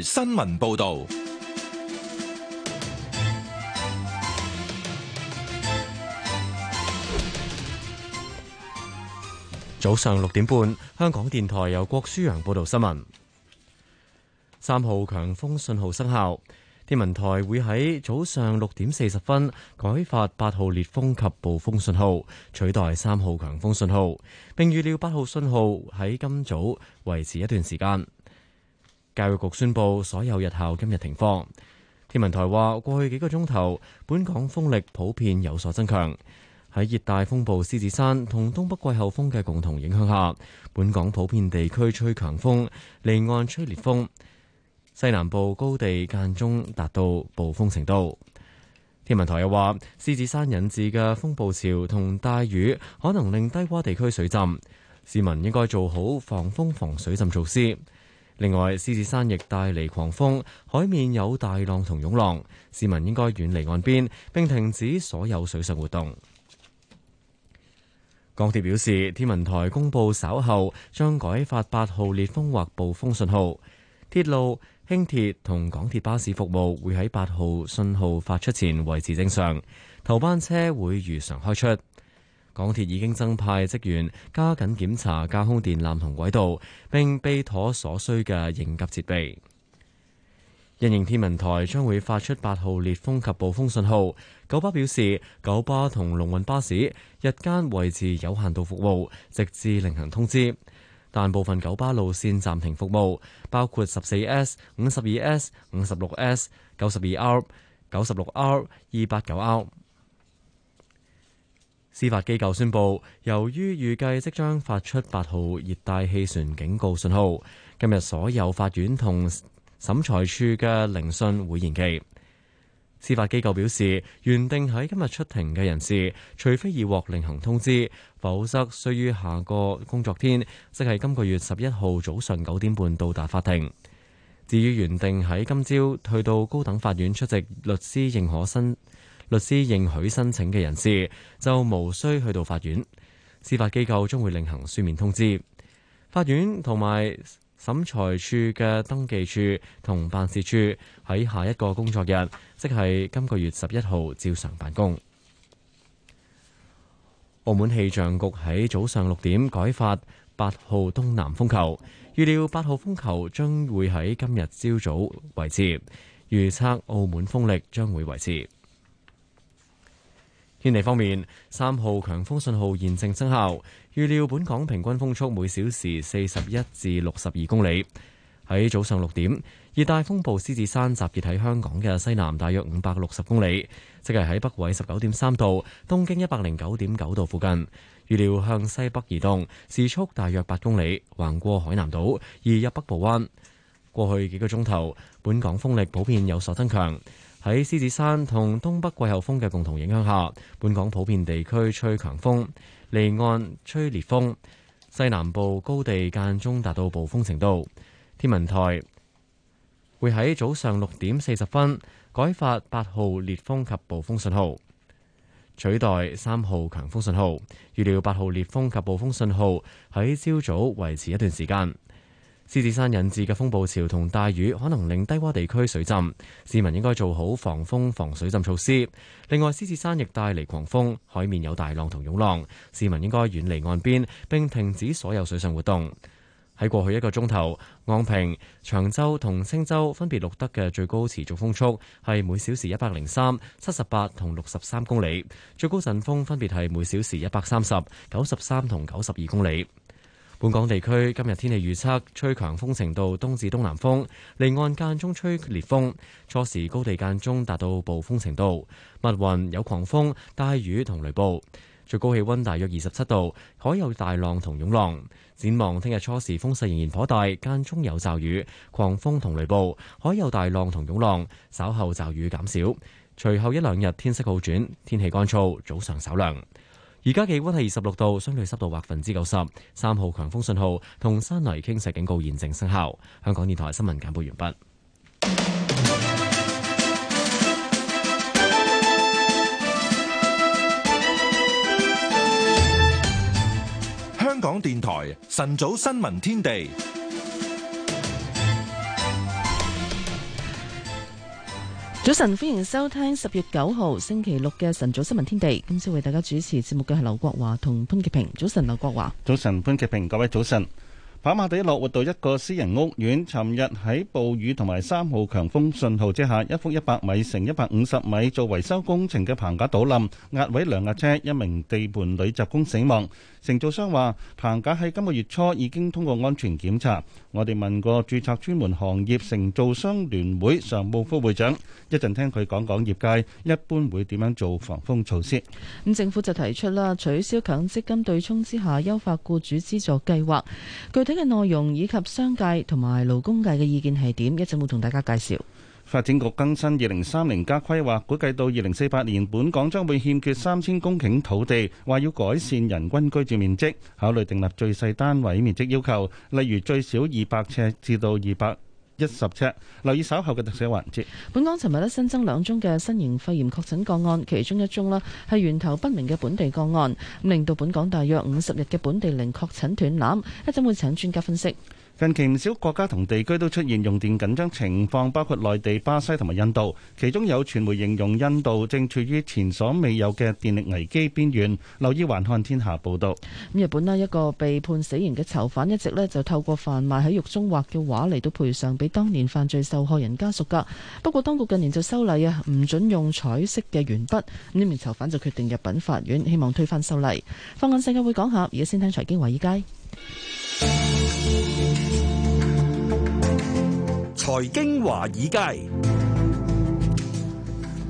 新聞報道。早上六點半，香港電台由郭舒揚報道新聞。三號強風信號生效，天文台會喺早上六點四十分改發八號烈風及暴風信號，取代三號強風信號，並預料八號信號喺今早維持一段時間。教育局宣佈，所有日校今日停課。天文台話，過去幾個鐘頭，本港風力普遍有所增強。喺熱帶風暴獅子山同東北季候風嘅共同影響下，本港普遍地區吹強風，離岸吹烈風，西南部高地間中達到暴風程度。天文台又話，獅子山引致嘅風暴潮同大雨，可能令低洼地區水浸，市民應該做好防風防水浸措施。另外，獅子山亦帶嚟狂風，海面有大浪同湧浪，市民應該遠離岸邊，並停止所有水上活動。港鐵表示，天文台公布稍後將改發八號烈風或暴風信號，鐵路、輕鐵同港鐵巴士服務會喺八號信號發出前維持正常，頭班車會如常開出。港鐵已經增派職員，加緊檢查架空電纜同軌道，並備妥所需嘅應急設備。人形天文台將會發出八號烈風及暴風信號。九巴表示，九巴同龍運巴士日間維持有限度服務，直至另行通知。但部分九巴路線暫停服務，包括十四 S、五十二 S、五十六 S、九十二 R、九十六 R、二八九 R。司法機構宣布，由於預計即將發出八號熱帶氣旋警告信號，今日所有法院同審裁處嘅聆訊會延期。司法機構表示，原定喺今日出庭嘅人士，除非已獲另行通知，否則需於下個工作天，即係今個月十一號早上九點半到達法庭。至於原定喺今朝去到高等法院出席律師認可申律師認許申請嘅人士就無需去到法院，司法機構將會另行書面通知。法院同埋審裁處嘅登記處同辦事處喺下一個工作日，即係今個月十一號，照常辦公。澳門氣象局喺早上六點改發八號東南風球，預料八號風球將會喺今日朝早維持，預測澳門風力將會維持。天氣方面，三號強風信號現正生效，預料本港平均風速每小時四十一至六十二公里。喺早上六點，熱帶風暴獅子山集結喺香港嘅西南大約五百六十公里，即係喺北緯十九點三度、東經一百零九點九度附近。預料向西北移動，時速大約八公里，橫過海南島移入北部灣。過去幾個鐘頭，本港風力普遍有所增強。喺獅子山同東北季候風嘅共同影響下，本港普遍地區吹強風，離岸吹烈風，西南部高地間中達到暴風程度。天文台會喺早上六點四十分改發八號烈風及暴風信號，取代三號強風信號。預料八號烈風及暴風信號喺朝早維持一段時間。獅子山引致嘅風暴潮同大雨可能令低窪地區水浸，市民應該做好防風防水浸措施。另外，獅子山亦帶嚟狂風，海面有大浪同湧浪，市民應該遠離岸邊，並停止所有水上活動。喺過去一個鐘頭，昂坪、長洲同青洲分別錄得嘅最高持續風速係每小時一百零三、七十八同六十三公里，最高陣風分別係每小時一百三十九、十三同九十二公里。本港地區今日天氣預測，吹強風程度東至東南風，離岸間中吹烈風，初時高地間中達到暴風程度，密雲有狂風、大雨同雷暴，最高氣溫大約二十七度，海有大浪同湧浪。展望聽日初時風勢仍然頗大，間中有驟雨、狂風同雷暴，海有大浪同湧浪，稍後驟雨減少。隨後一兩日天色好轉，天氣乾燥，早上稍涼。而家氣溫係二十六度，相對濕度百分之九十。三號強風信號同山泥傾瀉警告現正生效。香港電台新聞簡報完畢。香港電台晨早新聞天地。早晨，歡迎收聽十月九號星期六嘅晨早新聞天地。今次為大家主持節目嘅係劉國華同潘潔平。早晨，劉國華。早晨，潘潔平。各位早晨。跑馬地落活道一個私人屋苑，尋日喺暴雨同埋三號強風信號之下，一幅一百米乘一百五十米做維修工程嘅棚架倒冧，壓毀兩架車，一名地盤女雜工死亡。承造商話：棚架喺今個月初已經通過安全檢查。我哋問過註冊專門行業承造商聯會常務副會長，一陣聽佢講講業界一般會點樣做防風措施。咁政府就提出啦，取消強積金對沖之下，優化僱主資助計劃。具體嘅內容以及商界同埋勞工界嘅意見係點，一陣會同大家介紹。發展局更新二零三零加規劃，估計到二零四八年，本港將會欠缺三千公頃土地。話要改善人均居住面積，考慮訂立最細單位面積要求，例如最少二百尺至到二百一十尺。留意稍後嘅特寫環節。本港尋日咧新增兩宗嘅新型肺炎確診個案，其中一宗咧係源頭不明嘅本地個案，咁令到本港大約五十日嘅本地零確診斷纜。一陣會請專家分析。近期唔少國家同地區都出現用電緊張情況，包括內地、巴西同埋印度，其中有傳媒形容印度正處於前所未有嘅電力危機邊緣。留意環看天下報道，日本咧，一個被判死刑嘅囚犯一直咧就透過販賣喺獄中畫嘅畫嚟到賠償俾當年犯罪受害人家屬噶。不過當局近年就修例啊，唔準用彩色嘅鉛筆。呢名囚犯就決定入稟法院，希望推翻修例。放眼世界會講下，而家先聽財經華爾街。財經華爾街，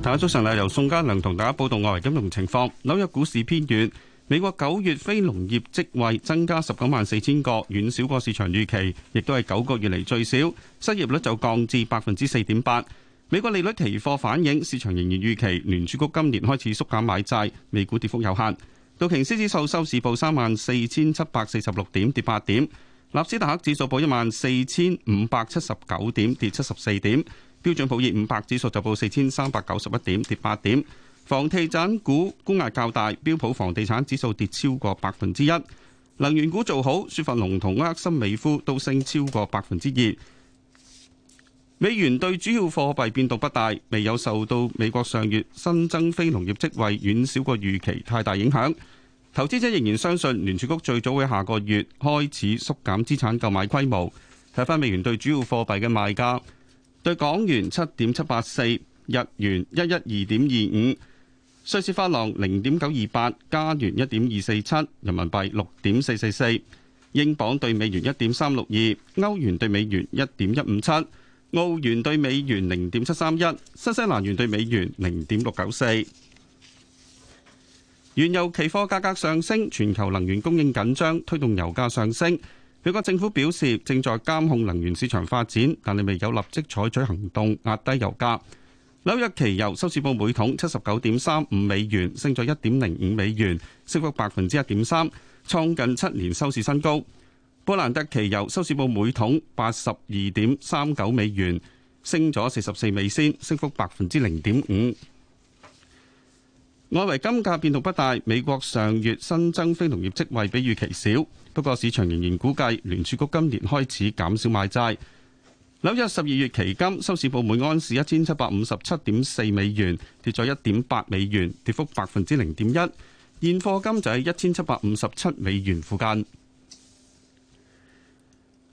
大家早上，由宋家良同大家報道外圍金融情況。紐約股市偏軟，美國九月非農業職位增加十九萬四千個，遠少過市場預期，亦都係九個月嚟最少。失業率就降至百分之四點八。美國利率期貨反映市場仍然預期聯儲局今年開始縮減買債，美股跌幅有限。道瓊斯指數收市報三萬四千七百四十六點，跌八點；納斯達克指數報一萬四千五百七十九點，跌七十四點；標準普爾五百指數就報四千三百九十一點，跌八點。房地產股沽壓較大，標普房地產指數跌超過百分之一。能源股做好，雪佛龍同埃克森美孚都升超過百分之二。美元對主要貨幣變動不大，未有受到美國上月新增非農業職位遠少過預期太大影響。投資者仍然相信聯儲局最早會下個月開始縮減資產購買規模。睇翻美元對主要貨幣嘅賣價：對港元七點七八四，日元一一二點二五，瑞士法郎零點九二八，加元一點二四七，人民幣六點四四四，英鎊對美元一點三六二，歐元對美元一點一五七。澳元兌美元零點七三一，新西蘭元兌美元零點六九四。原油期貨價格上升，全球能源供應緊張，推動油價上升。美國政府表示正在監控能源市場發展，但係未有立即採取行動壓低油價。紐約期油收市報每桶七十九點三五美元，升咗一點零五美元，升幅百分之一點三，創近七年收市新高。布蘭特期油收市報每桶八十二點三九美元，升咗四十四美仙，升幅百分之零點五。外圍金價變動不大，美國上月新增非農業職位比預期少，不過市場仍然估計聯儲局今年開始減少買債。紐約十二月期金收市報每安士一千七百五十七點四美元，跌咗一點八美元，跌幅百分之零點一。現貨金就係一千七百五十七美元附近。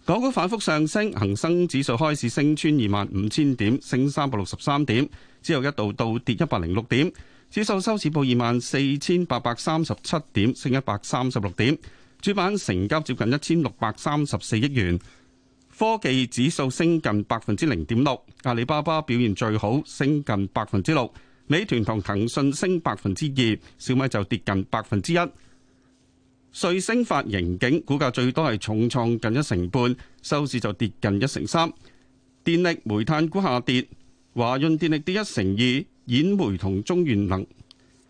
港股反覆上升，恒生指數開市升穿二萬五千點，升三百六十三點，之後一度倒跌一百零六點，指數收市報二萬四千八百三十七點，升一百三十六點，主板成交接近一千六百三十四億元。科技指數升近百分之零點六，阿里巴巴表現最好，升近百分之六，美團同騰訊升百分之二，小米就跌近百分之一。瑞聲發盈警，股價最多係重創近一成半，收市就跌近一成三。電力煤炭股下跌，華潤電力跌一成二，兗煤同中源能、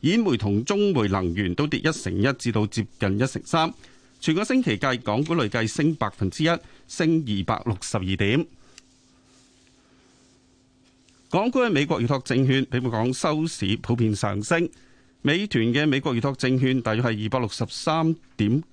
兗煤同中煤能源都跌一成一至到接近一成三。全個星期計，港股累計升百分之一，升二百六十二點。港股喺美國預託證券，比佢講收市普遍上升。美團嘅美國預託證券大約係二百六十三點，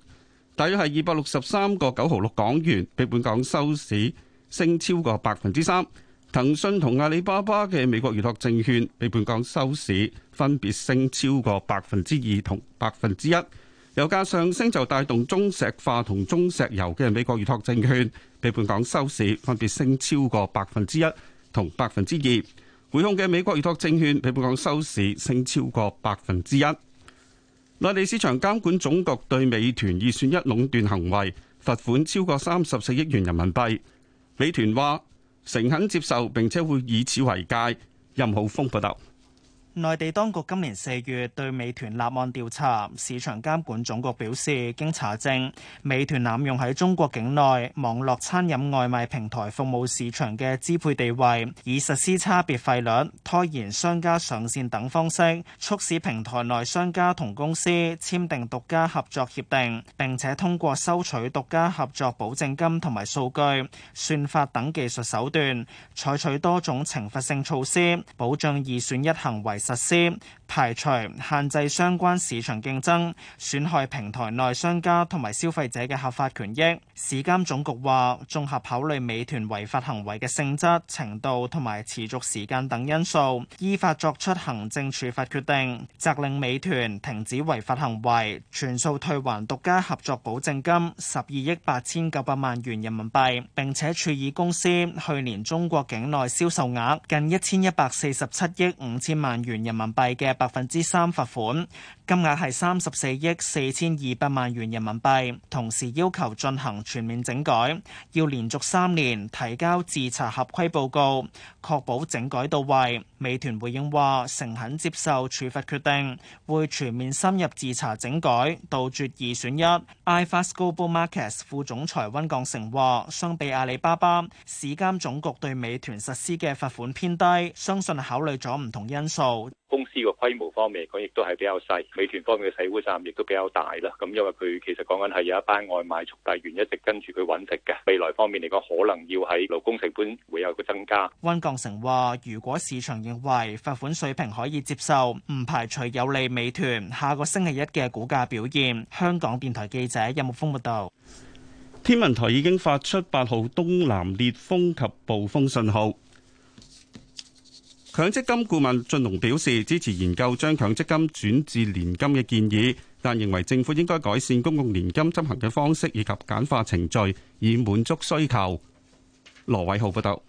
大約係二百六十三個九毫六港元，比本港收市升超過百分之三。騰訊同阿里巴巴嘅美國預託證券比本港收市分別升超過百分之二同百分之一。油價上升就帶動中石化同中石油嘅美國預托證券比本港收市分別升超過百分之一同百分之二。匯控嘅美國預託證券，你報港收市升超過百分之一。內地市場監管總局對美團二選一壟斷行為罰款超過三十四億元人民幣。美團話誠懇接受，並且會以此為戒。任浩峰報道。內地當局今年四月對美團立案調查，市場監管總局表示，經查證，美團濫用喺中國境內網絡餐飲外賣平台服務市場嘅支配地位，以實施差別費率、拖延商家上線等方式，促使平台內商家同公司簽訂獨家合作協定，並且通過收取獨家合作保證金同埋數據、算法等技術手段，採取多種懲罰性措施，保障二選一行為。實施排除、限制相關市場競爭，損害平台內商家同埋消費者嘅合法權益。市監總局話，綜合考慮美團違法行為嘅性質、程度同埋持續時間等因素，依法作出行政處罰決定，責令美團停止違法行為，全數退還獨家合作保證金十二億八千九百萬元人民幣，並且處以公司去年中國境內銷售額近一千一百四十七億五千萬元。人民幣嘅百分之三罰款，金額係三十四億四千二百萬元人民幣，同時要求進行全面整改，要連續三年提交自查合規報告，確保整改到位。美團回應話，誠懇接受處罰決定，會全面深入自查整改，杜絕二選一。iFast Global Markets 副總裁溫鋼成話，相比阿里巴巴，市監總局對美團實施嘅罰款偏低，相信考慮咗唔同因素。公司個規模方面嚟講，亦都係比較細。美團方面嘅社會責任亦都比較大啦。咁因為佢其實講緊係有一班外賣速遞員一直跟住佢搵食嘅。未來方面嚟講，可能要喺勞工成本會有個增加。溫鋼成話，如果市場認為罰款水平可以接受，唔排除有利美團下個星期一嘅股價表現。香港電台記者任木峰報道。天文台已經發出八號東南烈風及暴風信號。強積金顧問俊龍表示支持研究將強積金轉至年金嘅建議，但認為政府應該改善公共年金執行嘅方式，以及簡化程序，以滿足需求。羅偉浩報道：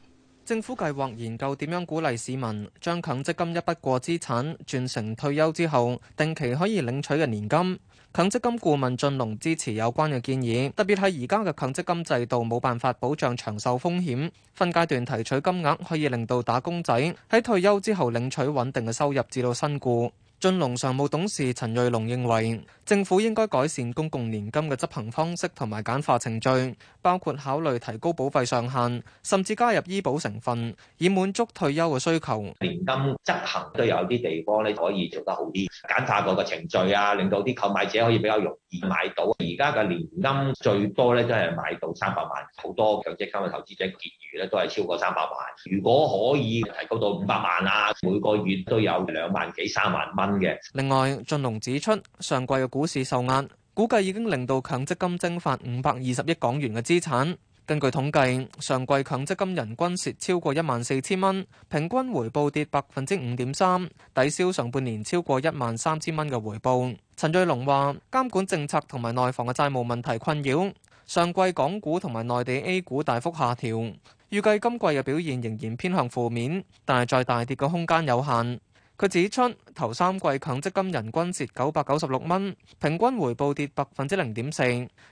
政府計劃研究點樣鼓勵市民將強積金一筆過資產轉成退休之後定期可以領取嘅年金。強積金顧問俊龍支持有關嘅建議，特別係而家嘅強積金制度冇辦法保障長壽風險，分階段提取金額可以令到打工仔喺退休之後領取穩定嘅收入至新，至到身故。俊龍常務董事陳瑞龍認為。政府應該改善公共年金嘅執行方式同埋簡化程序，包括考慮提高保費上限，甚至加入醫保成分，以滿足退休嘅需求。年金執行都有啲地方咧可以做得好啲，簡化個個程序啊，令到啲購買者可以比較容易買到。而家嘅年金最多咧都係買到三百萬，好多強積金嘅投資者結餘咧都係超過三百萬，如果可以提高到五百萬啊，每個月都有兩萬幾三萬蚊嘅。另外，俊龍指出上季嘅。股市受壓，估計已經令到強積金蒸發五百二十億港元嘅資產。根據統計，上季強積金人均蝕超過一萬四千蚊，平均回報跌百分之五點三，抵消上半年超過一萬三千蚊嘅回報。陳瑞龍話，監管政策同埋內房嘅債務問題困擾，上季港股同埋內地 A 股大幅下調，預計今季嘅表現仍然偏向負面，但係再大跌嘅空間有限。佢指出，頭三季強積金人均蝕九百九十六蚊，平均回報跌百分之零點四，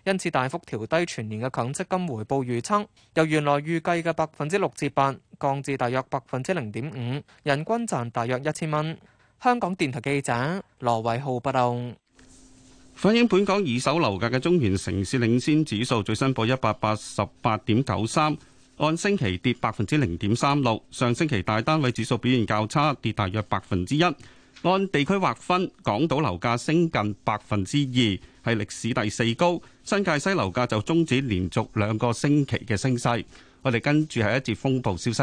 因此大幅調低全年嘅強積金回報預測，由原來預計嘅百分之六至八，降至大約百分之零點五，人均賺大約一千蚊。香港電台記者羅偉浩報道。反映本港二手樓價嘅中原城市領先指數最新報一百八十八點九三。按星期跌百分之零點三六，上星期大單位指數表現較差，跌大約百分之一。按地區劃分，港島樓價升近百分之二，係歷史第四高。新界西樓價就終止連續兩個星期嘅升勢。我哋跟住係一節風暴消息。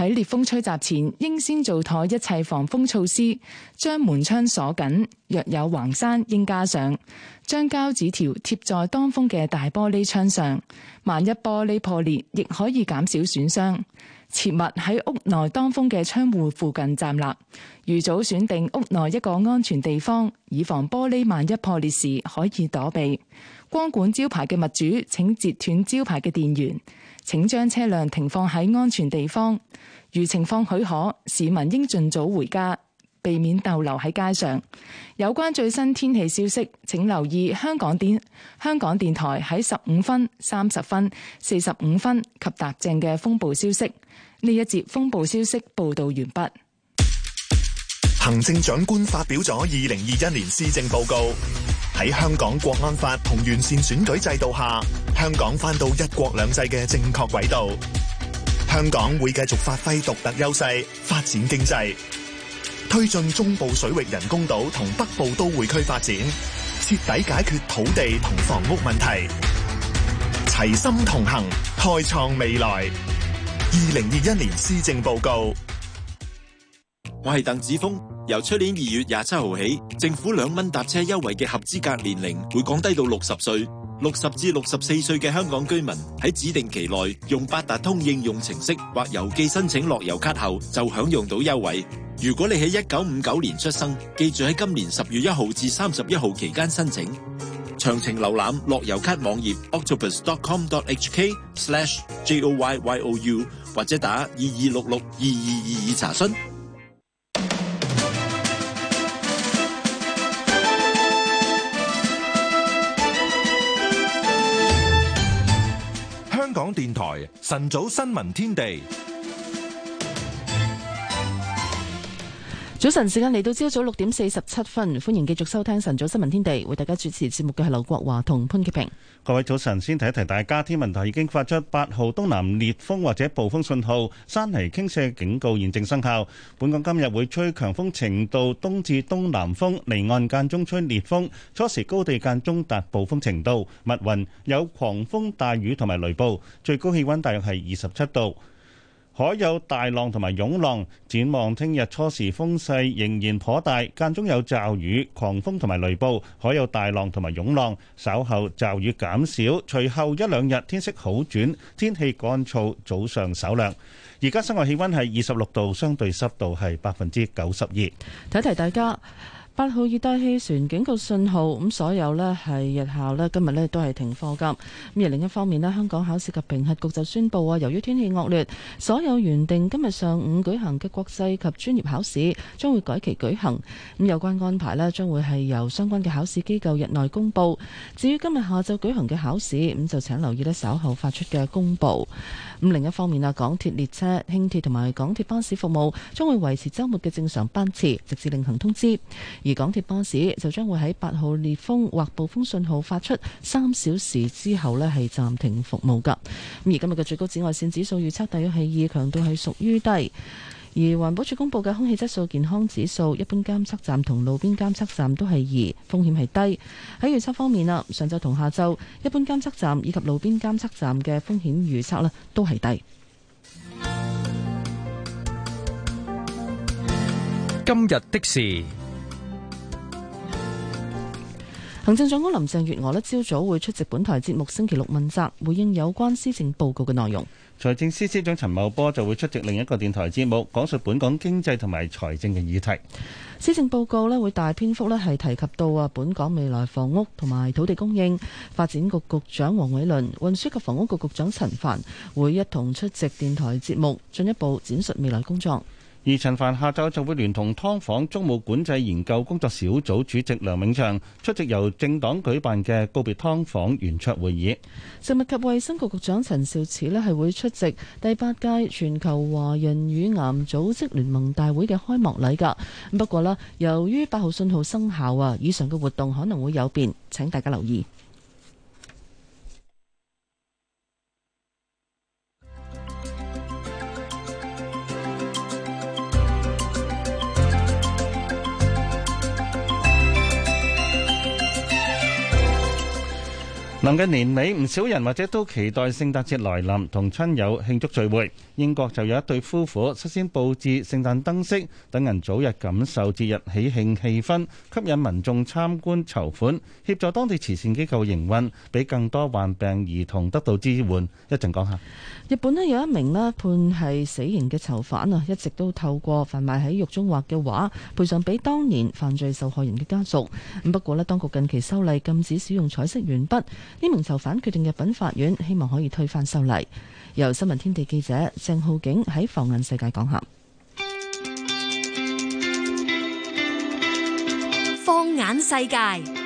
喺烈風吹襲前，應先做妥一切防風措施，將門窗鎖緊。若有橫山，應加上將膠紙條貼在當風嘅大玻璃窗上。萬一玻璃破裂，亦可以減少損傷。切勿喺屋內當風嘅窗戶附近站立。預早選定屋內一個安全地方，以防玻璃萬一破裂時可以躲避。光管招牌嘅物主，請截斷招牌嘅電源。請將車輛停放喺安全地方。如情況許可，市民應盡早回家，避免逗留喺街上。有關最新天氣消息，請留意香港電、香港電台喺十五分、三十分、四十五分及達正嘅風暴消息。呢一節風暴消息報導完畢。行政長官發表咗二零二一年施政報告。喺香港國安法同完善選舉制度下，香港返到一國兩制嘅正確軌道。香港會繼續發揮獨特優勢，發展經濟，推進中部水域人工島同北部都會區發展，徹底解決土地同房屋問題，齊心同行，開創未來。二零二一年施政報告，我係鄧子峰。由出年二月廿七號起，政府兩蚊搭車優惠嘅合資格年齡會降低到六十歲。六十至六十四歲嘅香港居民喺指定期內用八達通應用程式或郵寄申請樂悠咭後，就享用到優惠。如果你喺一九五九年出生，記住喺今年十月一號至三十一號期間申請。詳情瀏覽樂悠咭網頁：octopus.com.hk/slashjoyyou，或者打二二六六二二二二查詢。香港電台晨早新聞天地。早晨時間嚟到朝早六點四十七分，歡迎繼續收聽晨早新聞天地，為大家主持節目嘅係劉國華同潘潔平。各位早晨，先提一提大家，天文台已經發出八號東南烈風或者暴風信號，山泥傾瀉警告現正生效。本港今日會吹強風程度東至東南風，離岸間中吹烈風，初時高地間中達暴風程度。密雲有狂風大雨同埋雷暴，最高氣溫大約係二十七度。海有大浪同埋湧浪，展望聽日初時風勢仍然頗大，間中有驟雨、狂風同埋雷暴，海有大浪同埋湧浪。稍後驟雨減少，隨後一兩日天色好轉，天氣乾燥，早上稍涼。而家室外氣温係二十六度，相對濕度係百分之九十二。提一提大家。八號熱帶氣旋警告信號，咁所有咧係日校咧今日咧都係停課㗎。咁而另一方面咧，香港考試及評核局就宣布啊，由於天氣惡劣，所有原定今日上午舉行嘅國際及專業考試將會改期舉行。咁有關安排咧，將會係由相關嘅考試機構日內公佈。至於今日下晝舉行嘅考試，咁就請留意咧稍後發出嘅公佈。咁另一方面啊，港鐵列車、輕鐵同埋港鐵巴士服務將會維持周末嘅正常班次，直至另行通知。而港鐵巴士就將會喺八號烈風或暴風信號發出三小時之後呢，係暫停服務噶。咁而今日嘅最高紫外線指數預測大約係二，強度係屬於低。而環保署公布嘅空氣質素健康指數，一般監測站同路邊監測站都係二，風險係低。喺預測方面啊，上晝同下晝，一般監測站以及路邊監測站嘅風險預測呢都係低。今日的事，行政長官林鄭月娥呢，朝早會出席本台節目《星期六問責》，回應有關施政報告嘅內容。財政司司長陳茂波就會出席另一個電台節目，講述本港經濟同埋財政嘅議題。施政報告咧會大篇幅咧係提及到啊，本港未來房屋同埋土地供應。發展局局長黃偉綸、運輸及房屋局局長陳凡會一同出席電台節目，進一步展述未來工作。而陳帆下晝就會聯同劏房租務管制研究工作小組主席梁永祥出席由政黨舉辦嘅告別劏房圓桌會議。食物及衛生局局長陳肇始咧係會出席第八屆全球華人乳癌組織聯盟大會嘅開幕禮㗎。不過啦，由於八號信號生效啊，以上嘅活動可能會有變，請大家留意。臨近年尾，唔少人或者都期待聖誕節來臨，同親友慶祝聚會。英國就有一對夫婦率先佈置聖誕燈飾，等人早日感受節日喜慶氣氛，吸引民眾參觀籌款，協助當地慈善機構營運，俾更多患病兒童得到支援。一陣講下。日本咧有一名咧判係死刑嘅囚犯啊，一直都透過販賣喺獄中畫嘅畫，賠償俾當年犯罪受害人嘅家族。咁不過咧，當局近期修例禁止使用彩色鉛筆。呢名囚犯決定入稟法院，希望可以推翻修例。由新聞天地記者鄭浩景喺放眼世界講下。放眼世界。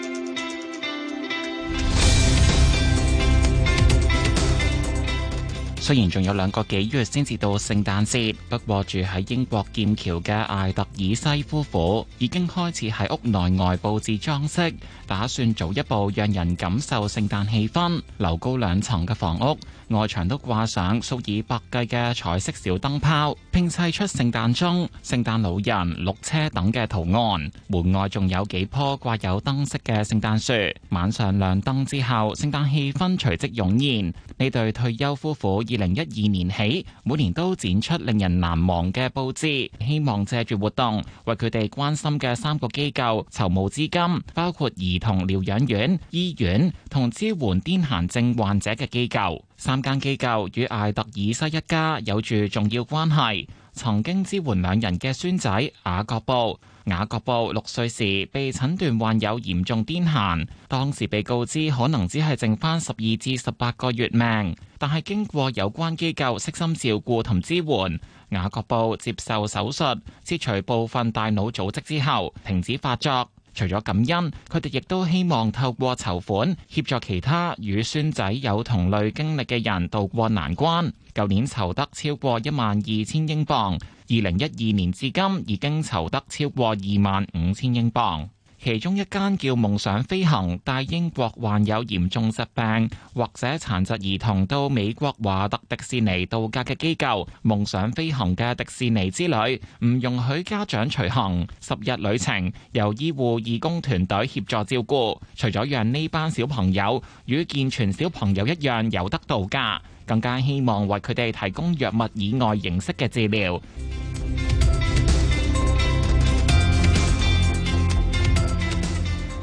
雖然仲有兩個幾月先至到聖誕節，不過住喺英國劍橋嘅艾特爾西夫婦已經開始喺屋內外佈置裝飾，打算早一步讓人感受聖誕氣氛。樓高兩層嘅房屋，外牆都掛上數以百計嘅彩色小燈泡，拼砌出聖誕鐘、聖誕老人、綠車等嘅圖案。門外仲有幾棵掛有燈飾嘅聖誕樹。晚上亮燈之後，聖誕氣氛隨即湧現。呢對退休夫婦，二零一二年起每年都展出令人難忘嘅佈置，希望借住活動為佢哋關心嘅三個機構籌募資金，包括兒童療養院、醫院同支援癲癇症患者嘅機構。三間機構與艾特爾西一家有住重要關係，曾經支援兩人嘅孫仔雅各布。雅各布六歲時被診斷患有嚴重癲癇，當時被告知可能只係剩翻十二至十八個月命，但係經過有關機構悉心照顧同支援，雅各布接受手術切除部分大腦組織之後，停止發作。除咗感恩，佢哋亦都希望透過籌款協助其他與孫仔有同類經歷嘅人渡過難關。舊年籌得超過一萬二千英鎊，二零一二年至今已經籌得超過二萬五千英鎊。其中一間叫夢想飛行，帶英國患有嚴重疾病或者殘疾兒童到美國華特迪士尼度假嘅機構。夢想飛行嘅迪士尼之旅唔容許家長隨行，十日旅程由醫護義工團隊協助照顧。除咗讓呢班小朋友與健全小朋友一樣有得度假，更加希望為佢哋提供藥物以外形式嘅治療。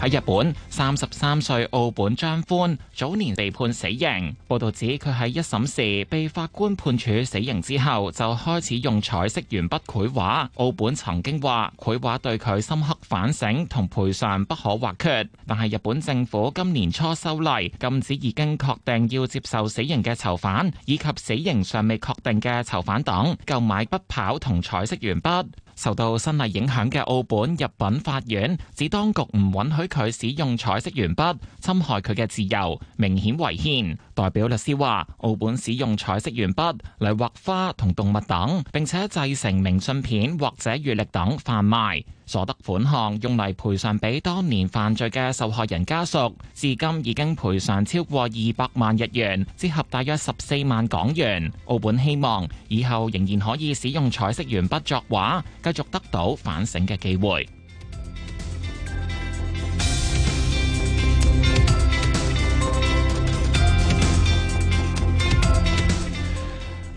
喺日本，三十三歲澳本張歡早年被判死刑。報道指佢喺一審時被法官判處死刑之後，就開始用彩色鉛筆繪畫。澳本曾經話：繪畫對佢深刻反省同賠償不可或缺。但係日本政府今年初修例，禁止已經確定要接受死刑嘅囚犯，以及死刑尚未確定嘅囚犯黨購買筆跑同彩色鉛筆。受到新例影響嘅澳本入稟法院，指當局唔允許佢使用彩色鉛筆侵害佢嘅自由，明顯違憲，代表律師話澳本使用彩色鉛筆嚟畫花同動物等，並且製成明信片或者月曆等販賣。所得款項用嚟賠償俾當年犯罪嘅受害人家屬，至今已經賠償超過二百萬日元，折合大約十四萬港元。澳本希望以後仍然可以使用彩色鉛筆作畫，繼續得到反省嘅機會。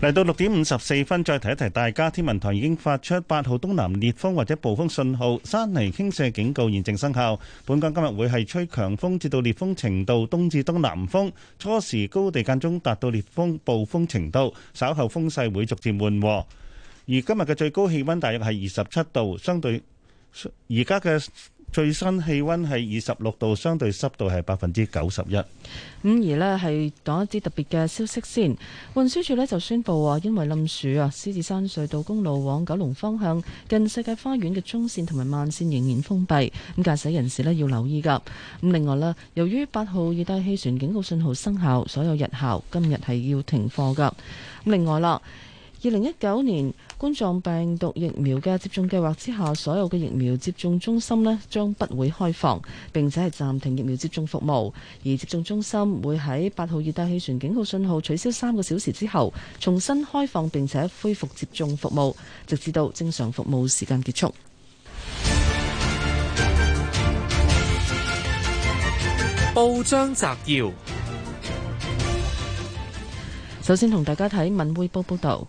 嚟到六點五十四分，再提一提大家，天文台已經發出八號東南烈風或者暴風信號，山泥傾瀉警告現正生效。本港今日會係吹強風至到烈風程度，東至東南風，初時高地間中達到烈風暴風程度，稍後風勢會逐漸緩和。而今日嘅最高氣温大約係二十七度，相對而家嘅。最新氣温係二十六度，相對濕度係百分之九十一。五、嗯、而呢係講一啲特別嘅消息先。運輸署呢就宣布話、啊，因為冧樹啊，獅子山隧道公路往九龍方向近世界花園嘅中線同埋慢線仍然封閉。咁、嗯、駕駛人士呢要留意㗎。咁、嗯、另外咧，由於八號熱帶氣旋警告信號生效，所有日校今日係要停課㗎、嗯。另外啦，二零一九年。冠狀病毒疫苗嘅接種計劃之下，所有嘅疫苗接種中心呢將不會開放，並且係暫停疫苗接種服務。而接種中心會喺八號熱帶氣旋警告信號取消三個小時之後，重新開放並且恢復接種服務，直至到正常服務時間結束。報章摘要：首先同大家睇文匯報報道。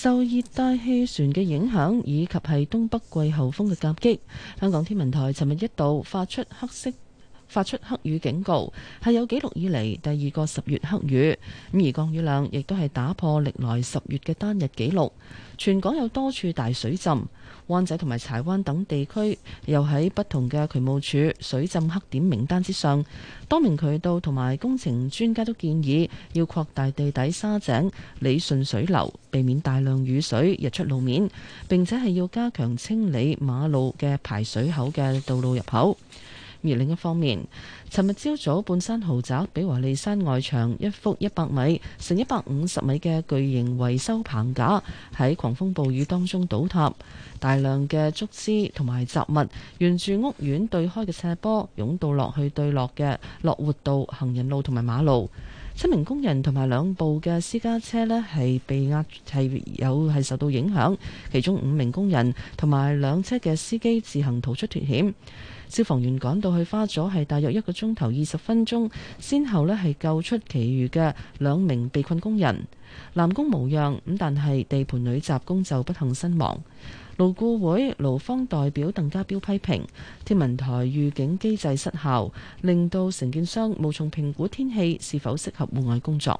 受熱帶氣旋嘅影響，以及係東北季候風嘅夾擊，香港天文台尋日一度發出黑色。發出黑雨警告，係有記錄以嚟第二個十月黑雨。咁而降雨量亦都係打破歷來十月嘅單日紀錄。全港有多處大水浸，灣仔同埋柴灣等地區又喺不同嘅渠務署水浸黑點名單之上。多名渠道同埋工程專家都建議要擴大地底沙井，理順水流，避免大量雨水溢出路面。並且係要加強清理馬路嘅排水口嘅道路入口。而另一方面，尋日朝早，半山豪宅比華利山外牆一幅一百米乘一百五十米嘅巨型維修棚架喺狂風暴雨當中倒塌，大量嘅竹枝同埋雜物沿住屋苑對開嘅斜坡，湧到落去對落嘅樂活道行人路同埋馬路。七名工人同埋兩部嘅私家車呢係被壓係有係受到影響，其中五名工人同埋兩車嘅司機自行逃出脫險。消防員趕到去花咗係大約一個鐘頭二十分鐘，先後呢係救出其餘嘅兩名被困工人。男工無恙，咁但係地盤女雜工就不幸身亡。勞顧會勞方代表鄧家彪批評天文台預警機制失效，令到承建商無從評估天氣是否適合戶外工作。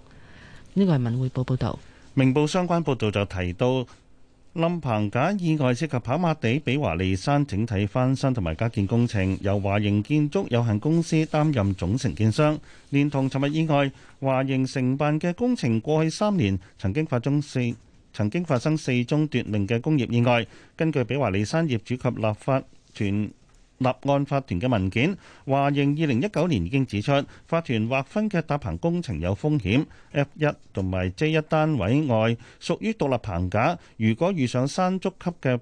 呢個係文匯報報導。明報相關報導就提到。冧棚架意外涉及跑馬地比華利山整體翻新同埋加建工程，由華營建築有限公司擔任總承建商。連同尋日意外，華營承辦嘅工程過去三年曾經發生四曾經發生四宗奪命嘅工業意外。根據比華利山業主及立法團。立案法團嘅文件，華盈二零一九年已經指出，法團劃分嘅搭棚工程有風險。F 一同埋 J 一單位外，屬於獨立棚架，如果遇上山竹級嘅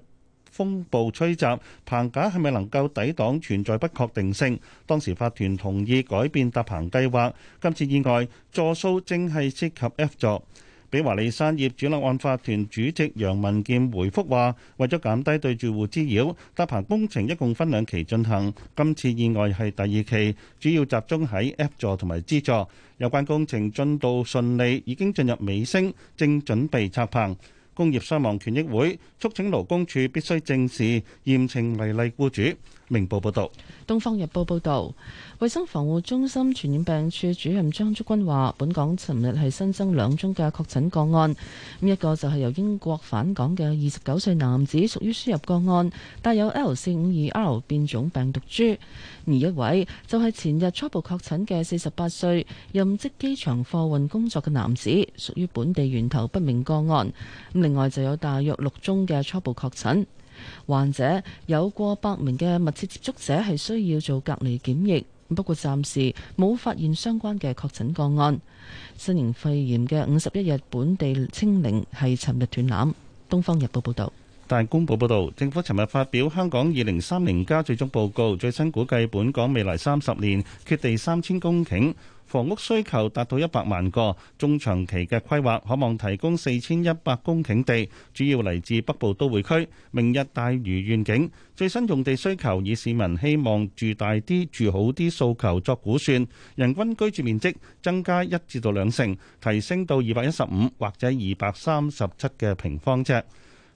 風暴吹襲，棚架係咪能夠抵擋，存在不確定性。當時法團同意改變搭棚計劃，今次意外，座數正係涉及 F 座。比華利山業主立案法團主席楊文健回覆話：為咗減低對住戶滋擾，搭棚工程一共分兩期進行，今次意外係第二期，主要集中喺 F 座同埋 G 座。有關工程進度順利，已經進入尾聲，正準備拆棚。工業傷亡權益會促請勞工處必須正視，嚴懲違例雇主。明報報道。《東方日報》報道，衛生防護中心傳染病處主任張竹君話：本港尋日係新增兩宗嘅確診個案，一個就係由英國返港嘅二十九歲男子，屬於輸入個案，帶有 L 四五二 R 變種病毒株；而一位就係前日初步確診嘅四十八歲任職機場貨運工作嘅男子，屬於本地源頭不明個案。另外就有大約六宗嘅初步確診患者，有過百名嘅密切接觸者係需要做隔離檢疫，不過暫時冇發現相關嘅確診個案。新型肺炎嘅五十一日本地清零係尋日斷纜。《東方日報》報道。大公報報導，政府尋日發表香港二零三零加最終報告，最新估計本港未來三十年缺地三千公頃，房屋需求達到一百萬個。中長期嘅規劃可望提供四千一百公頃地，主要嚟自北部都會區。明日大嶼願景最新用地需求以市民希望住大啲、住好啲訴求作估算，人均居住面積增加一至到兩成，提升到二百一十五或者二百三十七嘅平方呎。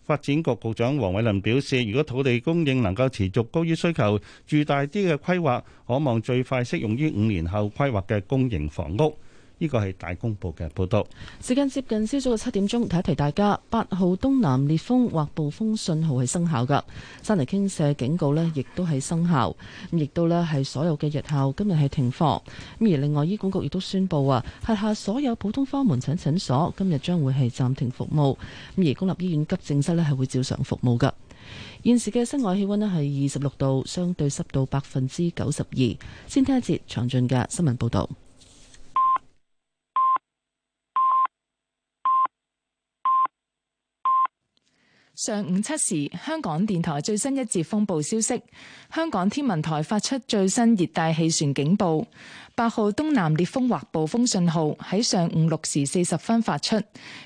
發展局局長黃偉綸表示，如果土地供應能夠持續高於需求，住大啲嘅規劃，可望最快適用於五年後規劃嘅公營房屋。呢個係大公報嘅報道。時間接近朝早嘅七點鐘，提一提大家，八號東南烈風或暴風信號係生效嘅。山泥傾瀉警告呢亦都係生效。咁亦都呢係所有嘅日校今日係停課。咁而另外，醫管局亦都宣布啊，轄下所有普通科門診診所今日將會係暫停服務。咁而公立醫院急症室呢係會照常服務嘅。現時嘅室外氣温呢係二十六度，相對濕度百分之九十二。先聽一節詳盡嘅新聞報導。上午七時，香港電台最新一節風暴消息。香港天文台發出最新熱帶氣旋警報。八號東南烈風或暴風信號喺上午六時四十分發出，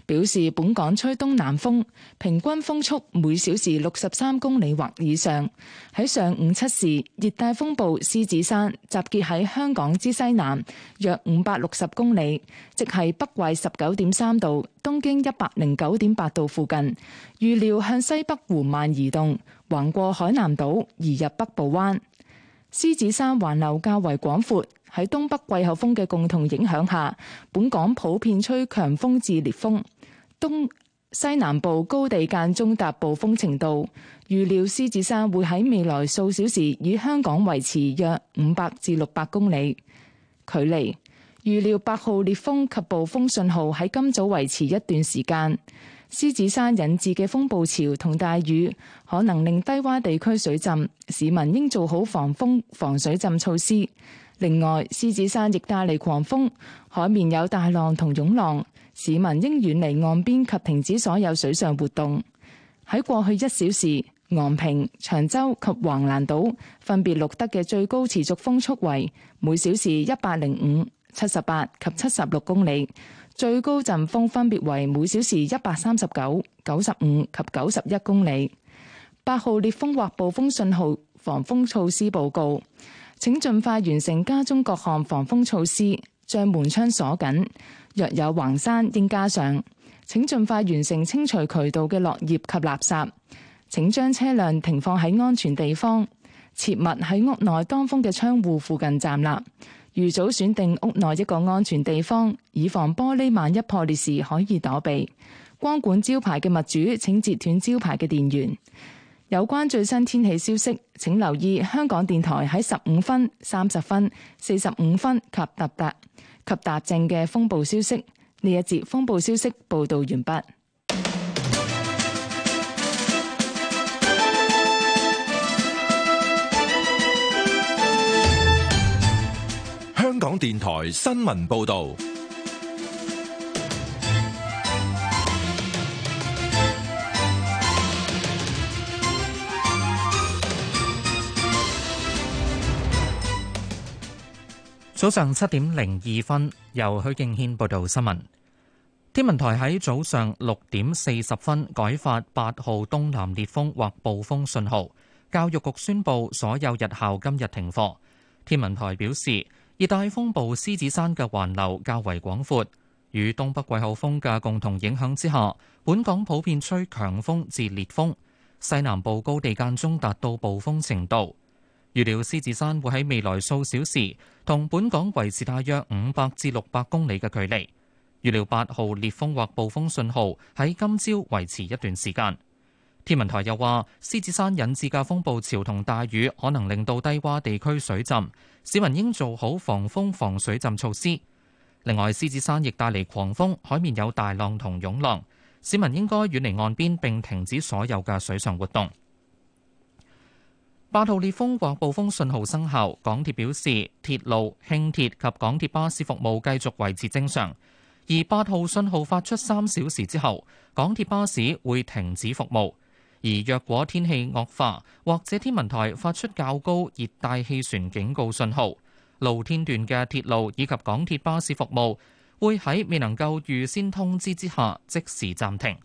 表示本港吹東南風，平均風速每小時六十三公里或以上。喺上午七時，熱帶風暴獅子山集結喺香港之西南約五百六十公里，即係北緯十九點三度、東經一百零九點八度附近。預料向西北緩慢移動，橫過海南島移入北部灣。獅子山環流較為廣闊。喺東北季候風嘅共同影響下，本港普遍吹強風至烈風，東西南部高地間中達暴風程度。預料獅子山會喺未來數小時與香港維持約五百至六百公里距離。預料八號烈風及暴風信號喺今早維持一段時間。獅子山引致嘅風暴潮同大雨，可能令低洼地區水浸，市民應做好防風、防水浸措施。另外，獅子山亦帶嚟狂風，海面有大浪同湧浪，市民應遠離岸邊及停止所有水上活動。喺過去一小時，昂坪、長洲及橫欄島分別錄得嘅最高持續風速為每小時一百零五、七十八及七十六公里，最高陣風分別為每小時一百三十九、九十五及九十一公里。八號烈風或暴風信號防風措施報告。請盡快完成家中各項防風措施，將門窗鎖緊。若有橫山，應加上。請盡快完成清除渠道嘅落葉及垃圾。請將車輛停放喺安全地方，切勿喺屋內當風嘅窗戶附近站立。預早選定屋內一個安全地方，以防玻璃萬一破裂時可以躲避。光管招牌嘅物主，請截斷招牌嘅電源。有關最新天氣消息，請留意香港電台喺十五分、三十分、四十五分及踏踏及踏正嘅風暴消息。呢一節風暴消息報道完畢。香港電台新聞報道。早上七點零二分，由許敬軒報道新聞。天文台喺早上六點四十分改發八號東南烈風或暴風信號。教育局宣布所有日校今日停課。天文台表示，熱帶風暴獅子山嘅環流較為廣闊，與東北季候風嘅共同影響之下，本港普遍吹強風至烈風，西南部高地間中達到暴風程度。預料獅子山會喺未來數小時同本港維持大約五百至六百公里嘅距離。預料八號烈風或暴風信號喺今朝維持一段時間。天文台又話，獅子山引致嘅風暴潮同大雨可能令到低洼地區水浸，市民應做好防風防水浸措施。另外，獅子山亦帶嚟狂風，海面有大浪同湧浪，市民應該遠離岸邊並停止所有嘅水上活動。八號烈風或暴風信號生效，港鐵表示鐵路、輕鐵及港鐵巴士服務繼續維持正常。而八號信號發出三小時之後，港鐵巴士會停止服務。而若果天氣惡化，或者天文台發出較高熱帶氣旋警告信號，露天段嘅鐵路以及港鐵巴士服務會喺未能夠預先通知之下即時暫停。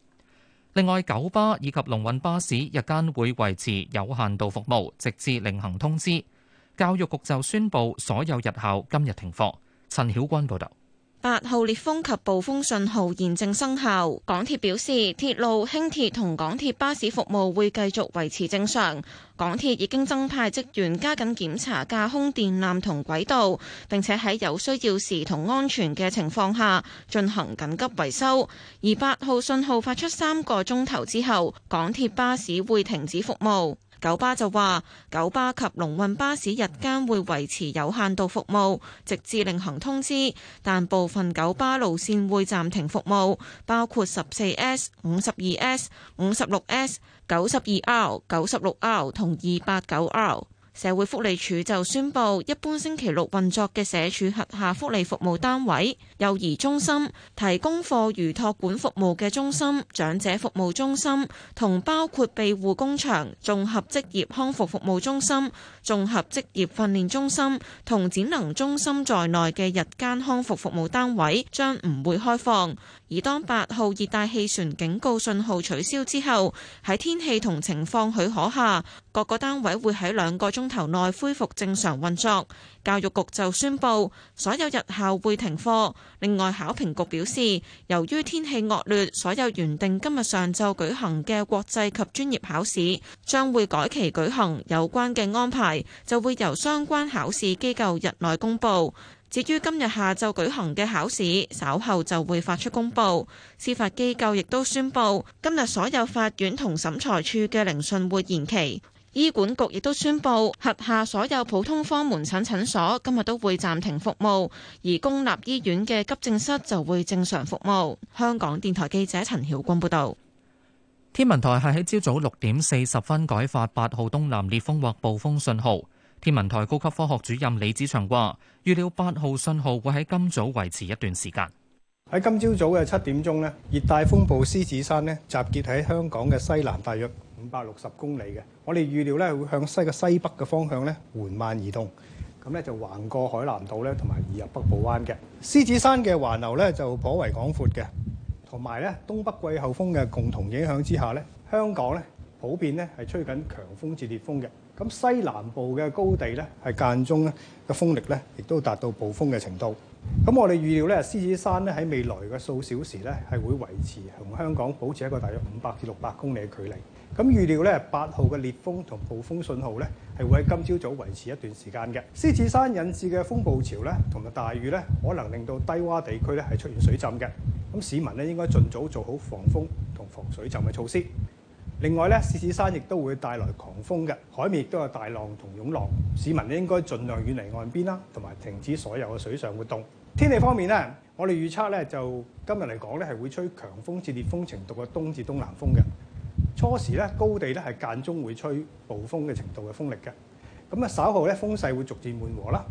另外，九巴以及龍運巴士日間會維持有限度服務，直至另行通知。教育局就宣佈所有日校今日停課。陳曉君報道。八號烈風及暴風信號現正生效。港鐵表示，鐵路、輕鐵同港鐵巴士服務會繼續維持正常。港鐵已經增派職員，加緊檢查架空電纜同軌道，並且喺有需要時同安全嘅情況下進行緊急維修。而八號信號發出三個鐘頭之後，港鐵巴士會停止服務。九巴就話，九巴及龍運巴士日間會維持有限度服務，直至另行通知，但部分九巴路線會暫停服務，包括十四 S、五十二 S、五十六 S、九十二 R、九十六 R 同二八九 R。社會福利署就宣布，一般星期六運作嘅社署轄下福利服務單位、幼兒中心、提供課餘託管服務嘅中心、長者服務中心，同包括庇護工場、綜合職業康復服務中心、綜合職業訓練中心同展能中心在內嘅日間康復服務單位，將唔會開放。而當八號熱帶氣旋警告信號取消之後，喺天氣同情況許可下，各個單位會喺兩個鐘頭內恢復正常運作。教育局就宣布所有日校會停課。另外，考評局表示，由於天氣惡劣，所有原定今日上晝舉行嘅國際及專業考試將會改期舉行，有關嘅安排就會由相關考試機構日內公佈。至於今日下晝舉行嘅考試，稍後就會發出公佈。司法機構亦都宣布，今日所有法院同審裁處嘅聆訊會延期。醫管局亦都宣布，轄下所有普通科門診診所今日都會暫停服務，而公立醫院嘅急症室就會正常服務。香港電台記者陳曉君報導。天文台係喺朝早六點四十分改發八號東南烈風或暴風信號。天文台高級科學主任李子祥話，預料八號信號會喺今早維持一段時間。喺今朝早嘅七點鐘咧，熱帶風暴獅子山呢集結喺香港嘅西南大約五百六十公里嘅，我哋預料咧會向西嘅西北嘅方向咧緩慢移動，咁咧就橫過海南島咧同埋移入北部灣嘅。獅子山嘅環流咧就頗為廣闊嘅，同埋咧東北季候風嘅共同影響之下咧，香港咧普遍咧係吹緊強風至烈風嘅。咁西南部嘅高地咧，係間中咧嘅風力咧，亦都達到暴風嘅程度。咁我哋預料咧，獅子山咧喺未來嘅數小時咧，係會維持同香港保持一個大約五百至六百公里嘅距離。咁預料咧，八號嘅烈風同暴風信號咧，係會喺今朝早維持一段時間嘅。獅子山引致嘅風暴潮咧，同埋大雨咧，可能令到低窪地區咧係出現水浸嘅。咁市民咧應該盡早做好防風同防水浸嘅措施。另外咧，獅子山亦都會帶來狂風嘅，海面亦都有大浪同湧浪，市民咧應該盡量遠離岸邊啦，同埋停止所有嘅水上活動。天氣方面咧，我哋預測咧就今日嚟講咧係會吹強風至烈風程度嘅東至東南風嘅。初時咧高地咧係間中會吹暴風嘅程度嘅風力嘅，咁啊稍後咧風勢會逐漸緩和啦。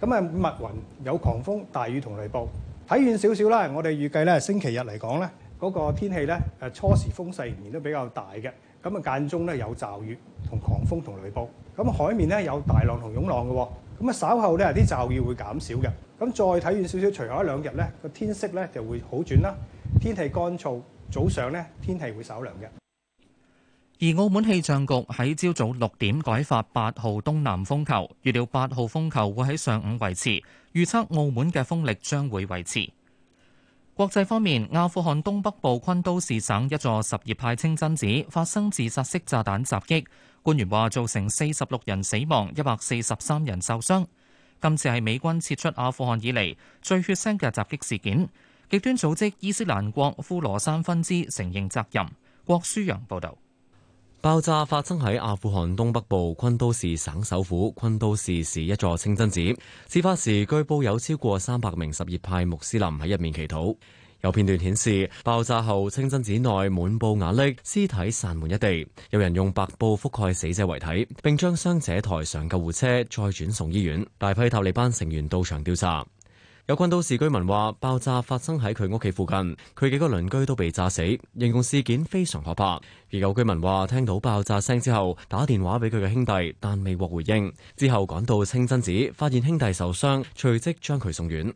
咁啊密雲有狂風大雨同雷暴，睇遠少少啦，我哋預計咧星期日嚟講咧。嗰個天氣咧，誒初時風勢仍然都比較大嘅，咁啊間中咧有驟雨同狂風同雷暴，咁海面咧有大浪同湧浪嘅，哦，咁啊稍後呢啲驟雨會減少嘅，咁再睇遠少少，隨後一兩日呢個天色呢就會好轉啦，天氣乾燥，早上呢天氣會稍涼嘅。而澳門氣象局喺朝早六點改發八號東南風球，預料八號風球會喺上午維持，預測澳門嘅風力將會維持。國際方面，阿富汗東北部昆都市省一座什葉派清真寺發生自殺式炸彈襲擊，官員話造成四十六人死亡，一百四十三人受傷。今次係美軍撤出阿富汗以嚟最血腥嘅襲擊事件。極端組織伊斯蘭國庫羅山分支承認責任。郭舒陽報道。爆炸發生喺阿富汗東北部昆都士省首府昆都士市一座清真寺，事發時據報有超過三百名什葉派穆斯林喺入面祈禱。有片段顯示爆炸後清真寺內滿佈瓦礫，屍體散滿一地，有人用白布覆蓋死者遺體，並將傷者抬上救護車再轉送醫院。大批塔利班成員到場調查。有關都市居民話：爆炸發生喺佢屋企附近，佢幾個鄰居都被炸死，形容事件非常可怕。而有居民話聽到爆炸聲之後，打電話俾佢嘅兄弟，但未獲回應。之後趕到清真寺，發現兄弟受傷，隨即將佢送院。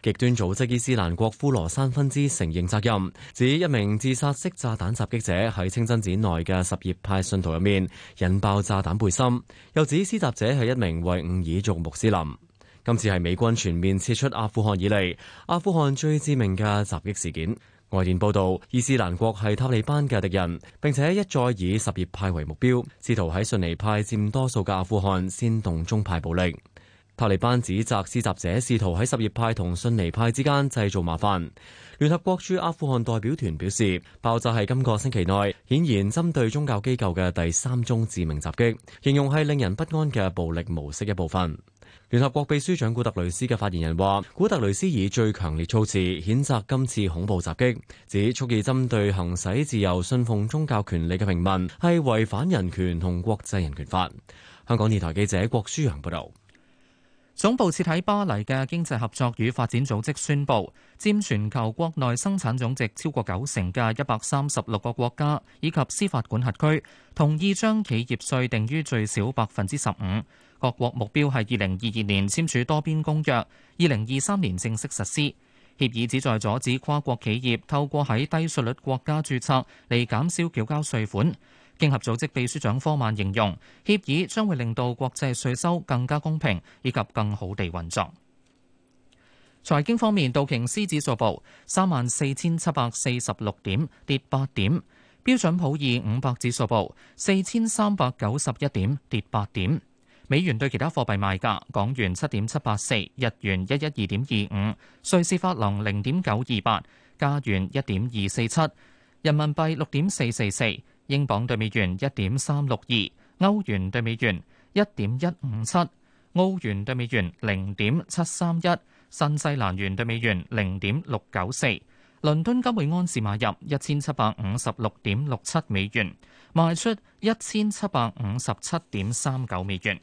極端組織伊斯蘭國呼羅珊分支承認責任，指一名自殺式炸彈襲擊者喺清真寺內嘅什葉派信徒入面引爆炸彈背心，又指施襲者係一名維吾爾族穆斯林。今次係美軍全面撤出阿富汗以嚟，阿富汗最致命嘅襲擊事件。外電報道，伊斯蘭國係塔利班嘅敵人，並且一再以什葉派為目標，試圖喺遜尼派佔多數嘅阿富汗煽動宗派暴力。塔利班指責施襲者試圖喺什葉派同遜尼派之間製造麻煩。聯合國駐阿富汗代表團表示，爆炸係今個星期內顯然針對宗教機構嘅第三宗致命襲擊，形容係令人不安嘅暴力模式一部分。聯合國秘書長古特雷斯嘅發言人話：古特雷斯以最強烈措辭譴責今次恐怖襲擊，指蓄意針對行使自由、信奉宗教權利嘅平民係違反人權同國際人權法。香港電台記者郭舒洋報導。總部設喺巴黎嘅經濟合作與發展組織宣布，佔全球國內生產總值超過九成嘅一百三十六個國家以及司法管轄區，同意將企業稅定於最少百分之十五。各國目標係二零二二年簽署多邊公約，二零二三年正式實施。協議旨在阻止跨國企業透過喺低稅率國家注冊嚟減少繳交稅款。經合組織秘書長科曼形容，協議將會令到國際稅收更加公平以及更好地運作。財經方面，道瓊斯指數報三萬四千七百四十六點，跌八點；標準普爾五百指數報四千三百九十一點，跌八點。美元對其他貨幣賣價：港元七點七八四，日元一一二點二五，瑞士法郎零點九二八，加元一點二四七，人民幣六點四四四，英鎊對美元一點三六二，歐元對美元一點一五七，澳元對美元零點七三一，新西蘭元對美元零點六九四。倫敦金匯安時買入一千七百五十六點六七美元，賣出一千七百五十七點三九美元。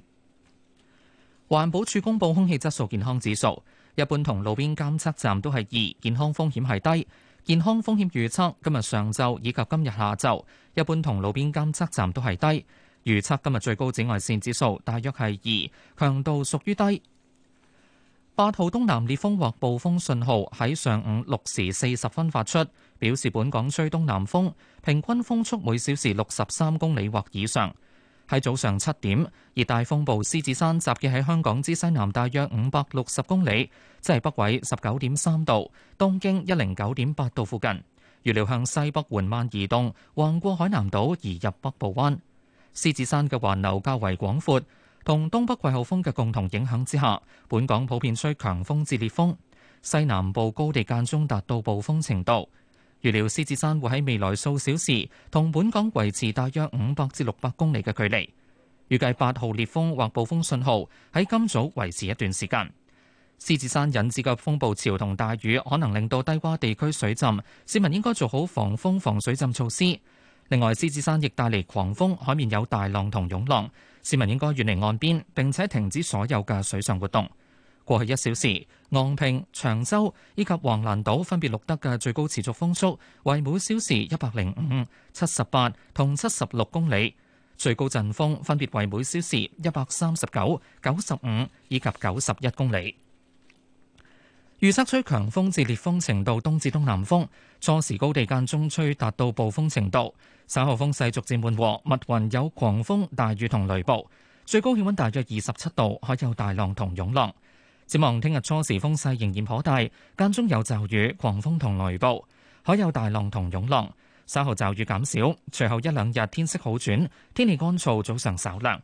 環保署公布空氣質素健康指數，一般同路邊監測站都係二，健康風險係低。健康風險預測今日上晝以及今日下晝，一般同路邊監測站都係低。預測今日最高紫外線指數大約係二，強度屬於低。八號東南烈風或暴風信號喺上午六時四十分發出，表示本港吹東南風，平均風速每小時六十三公里或以上。喺早上七點，熱帶風暴獅子山集結喺香港之西南，大約五百六十公里，即係北緯十九點三度、東經一零九點八度附近。預料向西北緩慢移動，橫過海南島移入北部灣。獅子山嘅環流較為廣闊，同東北季候風嘅共同影響之下，本港普遍吹強風至烈風，西南部高地間中達到暴風程度。預料獅子山會喺未來數小時同本港維持大約五百至六百公里嘅距離，預計八號烈風或暴風信號喺今早維持一段時間，獅子山引致嘅風暴潮同大雨可能令到低洼地區水浸，市民應該做好防風防水浸措施。另外，獅子山亦帶嚟狂風，海面有大浪同湧浪，市民應該遠離岸邊，並且停止所有嘅水上活動。過去一小時，昂坪、長洲以及橫瀾島分別錄得嘅最高持續風速為每小時一百零五、七十八同七十六公里，最高陣風分別為每小時一百三十九、九十五以及九十一公里。預測吹強風至烈風程度，東至東南風，初時高地間中吹達到暴風程度。稍後風勢逐漸緩和，密雲有狂風、大雨同雷暴，最高氣溫大約二十七度，可有大浪同湧浪。展望聽日初時風勢仍然頗大，間中有驟雨、狂風同雷暴，海有大浪同湧浪。稍後驟雨減少，隨後一兩日天色好轉，天氣乾燥，早上稍涼。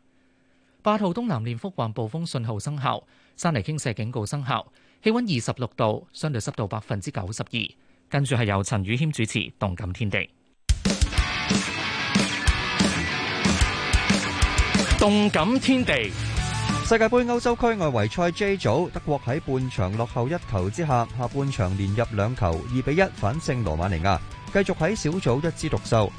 八號東南烈風或暴風信號生效，山泥傾瀉警告生效。氣温二十六度，相對濕度百分之九十二。跟住係由陳宇謙主持《動感天地》。《動感天地》世界杯歐洲區外圍賽 J 組，德國喺半場落後一球之下，下半場連入兩球，二比一反勝羅馬尼亞，繼續喺小組一枝獨秀。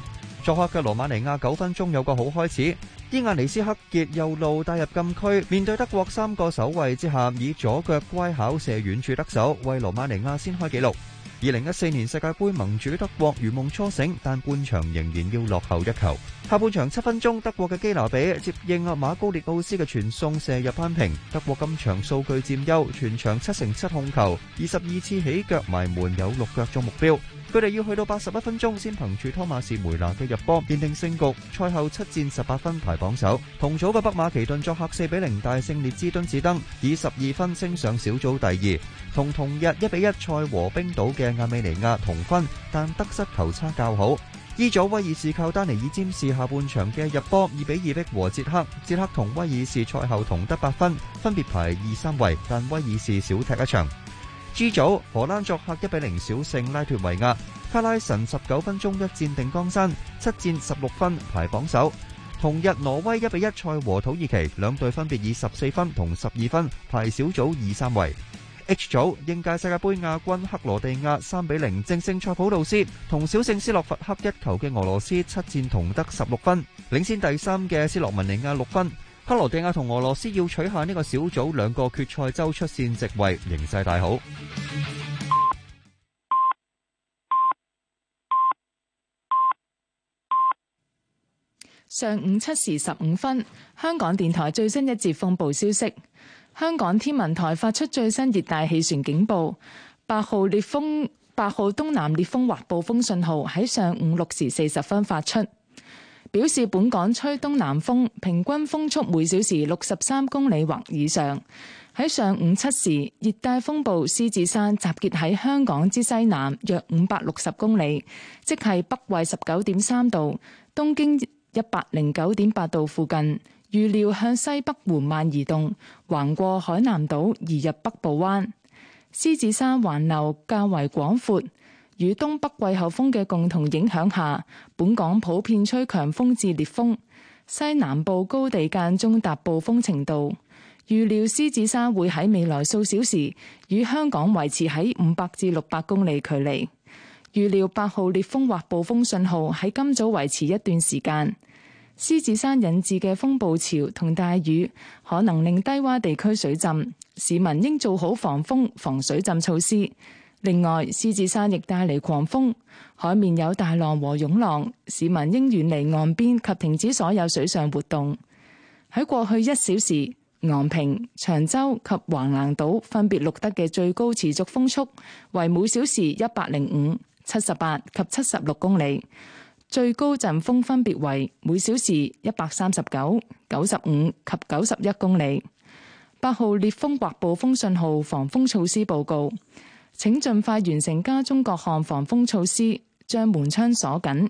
作客嘅羅馬尼亞九分鐘有個好開始，伊亞尼斯克杰右路帶入禁區，面對德國三個守衛之下，以左腳乖巧射遠柱得手，為羅馬尼亞先開紀錄。二零一四年世界杯盟主德國如夢初醒，但半場仍然要落後一球。下半場七分鐘，德國嘅基拿比接應馬高列奧斯嘅傳送射入扳平。德國今場數據佔優，全場七成七控球，二十二次起腳埋門有六腳中目標。佢哋要去到八十一分鐘先憑住托馬士梅拿嘅入波奠定勝局。賽後七戰十八分排榜首。同組嘅北馬其頓作客四比零大勝列支敦士登，以十二分升上小組第二。同同日一比一賽和冰島嘅亞美尼亞同分，但得失球差較好。E 組威爾士靠丹尼爾占士下半場嘅入波二比二逼和捷克，捷克同威爾士賽後同得八分，分別排二三位，但威爾士少踢一場。G 組荷蘭作客一比零小勝拉脫維亞，卡拉神十九分鐘一戰定江山，七戰十六分排榜首。同日挪威一比一賽和土耳其，兩隊分別以十四分同十二分排小組二三位。H 組應屆世界杯亞軍克羅地亞三比零正勝塞浦路斯，同小勝斯洛伐克一球嘅俄羅斯七戰同得十六分，領先第三嘅斯洛文尼亞六分。克羅地亞同俄羅斯要取下呢個小組兩個決賽周出線席位，形勢大好。上午七時十五分，香港電台最新一節風暴消息。香港天文台發出最新熱帶氣旋警報，八號烈風八號東南烈風或暴風信號喺上午六時四十分發出，表示本港吹東南風，平均風速每小時六十三公里或以上。喺上午七時，熱帶風暴獅子山集結喺香港之西南約五百六十公里，即係北緯十九點三度、東經一百零九點八度附近。預料向西北緩慢移動，橫過海南島移入北部灣。獅子山環流較為廣闊，與東北季候風嘅共同影響下，本港普遍吹強風至烈風，西南部高地間中達暴風程度。預料獅子山會喺未來數小時，與香港維持喺五百至六百公里距離。預料八號烈風或暴風信號喺今早維持一段時間。獅子山引致嘅風暴潮同大雨，可能令低洼地區水浸，市民應做好防風、防水浸措施。另外，獅子山亦帶嚟狂風，海面有大浪和湧浪，市民應遠離岸邊及停止所有水上活動。喺過去一小時，昂坪、長洲及橫瀾島分別錄得嘅最高持續風速為每小時一百零五、七十八及七十六公里。最高陣風分別為每小時一百三十九、九十五及九十一公里。八號烈風或暴風信號，防風措施報告。請盡快完成家中各項防風措施，將門窗鎖緊。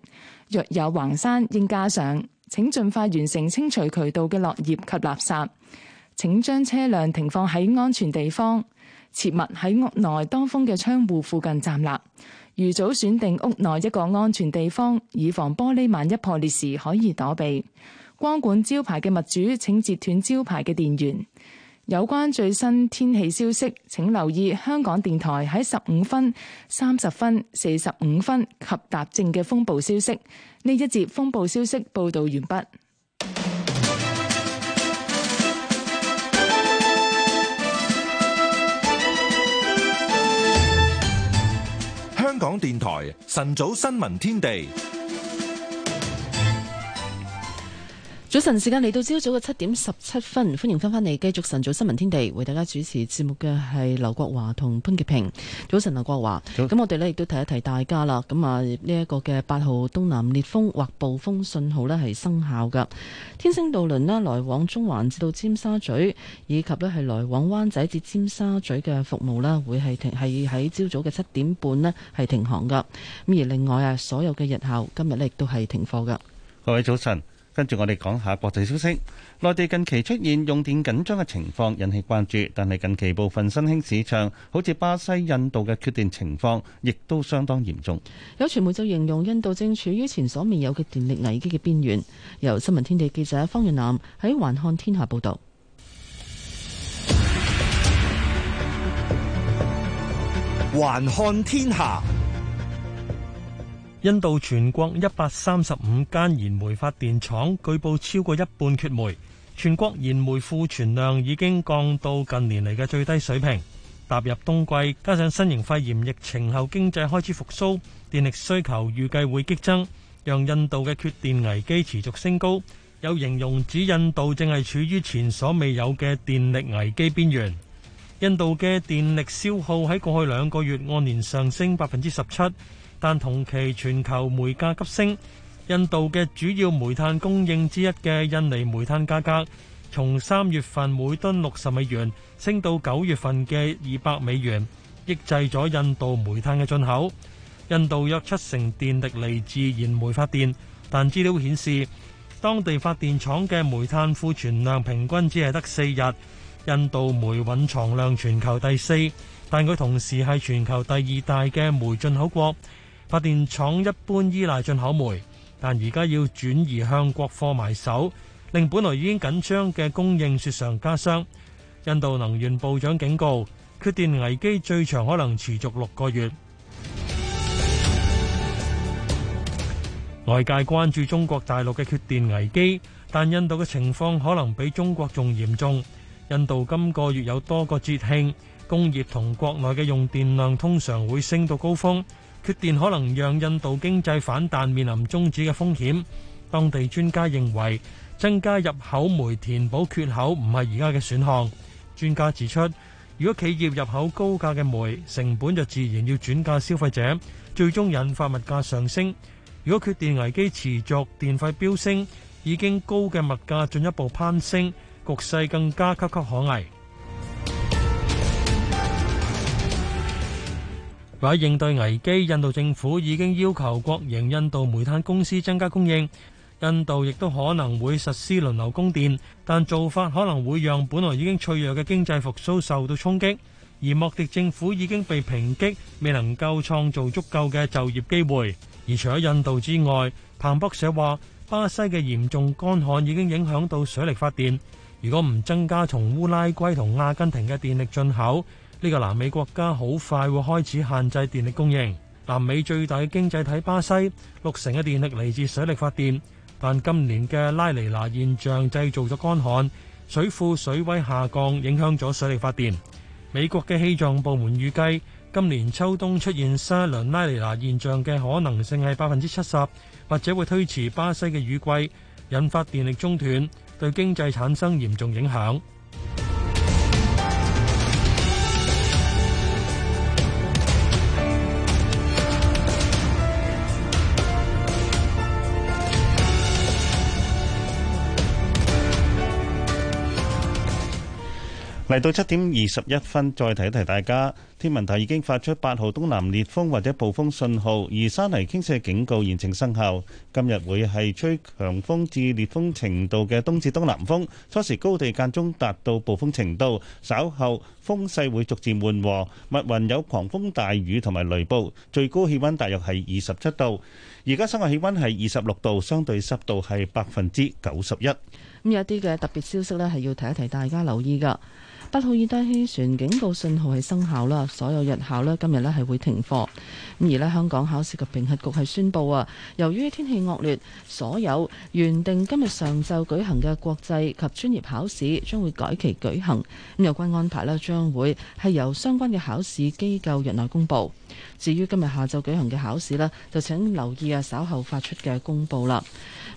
若有橫山，應加上。請盡快完成清除渠道嘅落葉及垃圾。請將車輛停放喺安全地方，切勿喺屋內當風嘅窗戶附近站立。預早選定屋內一個安全地方，以防玻璃萬一破裂時可以躲避。光管招牌嘅物主請截斷招牌嘅電源。有關最新天氣消息，請留意香港電台喺十五分、三十分、四十五分及踏正嘅風暴消息。呢一節風暴消息報導完畢。香港電台晨早新聞天地。早晨，時間嚟到朝早嘅七點十七分，歡迎翻翻嚟，繼續晨早新聞天地，為大家主持節目嘅係劉國華同潘潔平。早晨，劉國華，咁早我哋呢亦都提一提大家啦。咁啊，呢一個嘅八號東南烈風或暴風信號呢係生效噶，天星渡輪呢來往中環至到尖沙咀以及呢係來往灣仔至尖沙咀嘅服務呢會係停係喺朝早嘅七點半呢係停航噶。咁而另外啊，所有嘅日校今日呢亦都係停課噶。各位早晨。跟住我哋講下國際消息，內地近期出現用電緊張嘅情況引起關注，但係近期部分新興市場，好似巴西、印度嘅缺電情況，亦都相當嚴重。有傳媒就形容印度正處於前所未有嘅電力危機嘅邊緣。由新聞天地記者方月南喺《環看天下》報道，《環看天下》。印度全國一百三十五間燃煤發電廠據報超過一半缺煤，全國燃煤庫存量已經降到近年嚟嘅最低水平。踏入冬季，加上新型肺炎疫情後經濟開始復蘇，電力需求預計會激增，讓印度嘅缺電危機持續升高。有形容指印度正係處於前所未有嘅電力危機邊緣。印度嘅電力消耗喺過去兩個月按年上升百分之十七。但同期全球煤價急升，印度嘅主要煤炭供應之一嘅印尼煤炭價格，從三月份每噸六十美元升到九月份嘅二百美元，抑制咗印度煤炭嘅進口。印度約七成電力嚟自燃煤發電。但資料顯示，當地發電廠嘅煤炭庫存量平均只係得四日。印度煤蘊藏量全球第四，但佢同時係全球第二大嘅煤進口國。發電廠一般依賴進口煤，但而家要轉移向國貨埋手，令本來已經緊張嘅供應雪上加霜。印度能源部長警告，缺電危機最長可能持續六個月。外界關注中國大陸嘅缺電危機，但印度嘅情況可能比中國仲嚴重。印度今個月有多個節慶，工業同國內嘅用電量通常會升到高峰。缺電可能讓印度經濟反彈面臨終止嘅風險，當地專家認為增加入口煤填補缺口唔係而家嘅選項。專家指出，如果企業入口高價嘅煤，成本就自然要轉嫁消費者，最終引發物價上升。如果缺電危機持續，電費飆升，已經高嘅物價進一步攀升，局勢更加岌岌可危。為應對危機，印度政府已經要求國營印度煤炭公司增加供應，印度亦都可能會實施輪流供電，但做法可能會讓本來已經脆弱嘅經濟復甦受到衝擊，而莫迪政府已經被抨擊，未能夠創造足夠嘅就業機會，而除咗印度之外，彭博社話，巴西嘅嚴重乾旱已經影響到水力發電，如果唔增加從烏拉圭同阿根廷嘅電力進口，呢個南美國家好快會開始限制電力供應。南美最大嘅經濟體巴西，六成嘅電力嚟自水力發電，但今年嘅拉尼娜現象製造咗乾旱，水庫水位下降，影響咗水力發電。美國嘅氣象部門預計，今年秋冬出現新一輪拉尼娜現象嘅可能性係百分之七十，或者會推遲巴西嘅雨季，引發電力中斷，對經濟產生嚴重影響。嚟到七點二十一分，再提一提大家，天文台已經發出八號東南烈風或者暴風信號，而山泥傾瀉警告現正生效。今日會係吹強風至烈風程度嘅東至東南風，初時高地間中達到暴風程度，稍後風勢會逐漸緩和。密雲有狂風大雨同埋雷暴，最高氣温大約係二十七度。而家室外氣温係二十六度，相對濕度係百分之九十一。咁有啲嘅特別消息呢，係要提一提大家留意㗎。八號熱帶氣旋警告信號係生效啦，所有日校咧今日咧係會停課。咁而咧香港考試及評核局係宣布啊，由於天氣惡劣，所有原定今日上晝舉行嘅國際及專業考試將會改期舉行。咁有關安排咧將會係由相關嘅考試機構日內公佈。至於今日下晝舉行嘅考試咧，就請留意啊稍後發出嘅公佈啦。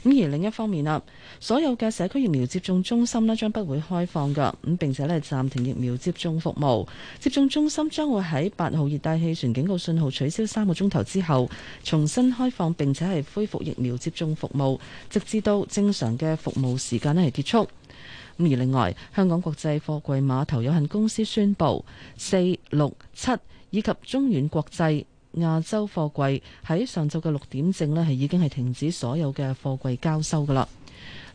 咁而另一方面啦，所有嘅社區疫苗接種中心呢將不會開放嘅，咁並且呢係暫停疫苗接種服務。接種中心將會喺八號熱帶氣旋警告信號取消三個鐘頭之後重新開放，並且係恢復疫苗接種服務，直至到正常嘅服務時間呢係結束。咁而另外，香港國際貨櫃碼頭有限公司宣布，四六七以及中遠國際亞洲貨櫃喺上晝嘅六點正呢，係已經係停止所有嘅貨櫃交收噶啦。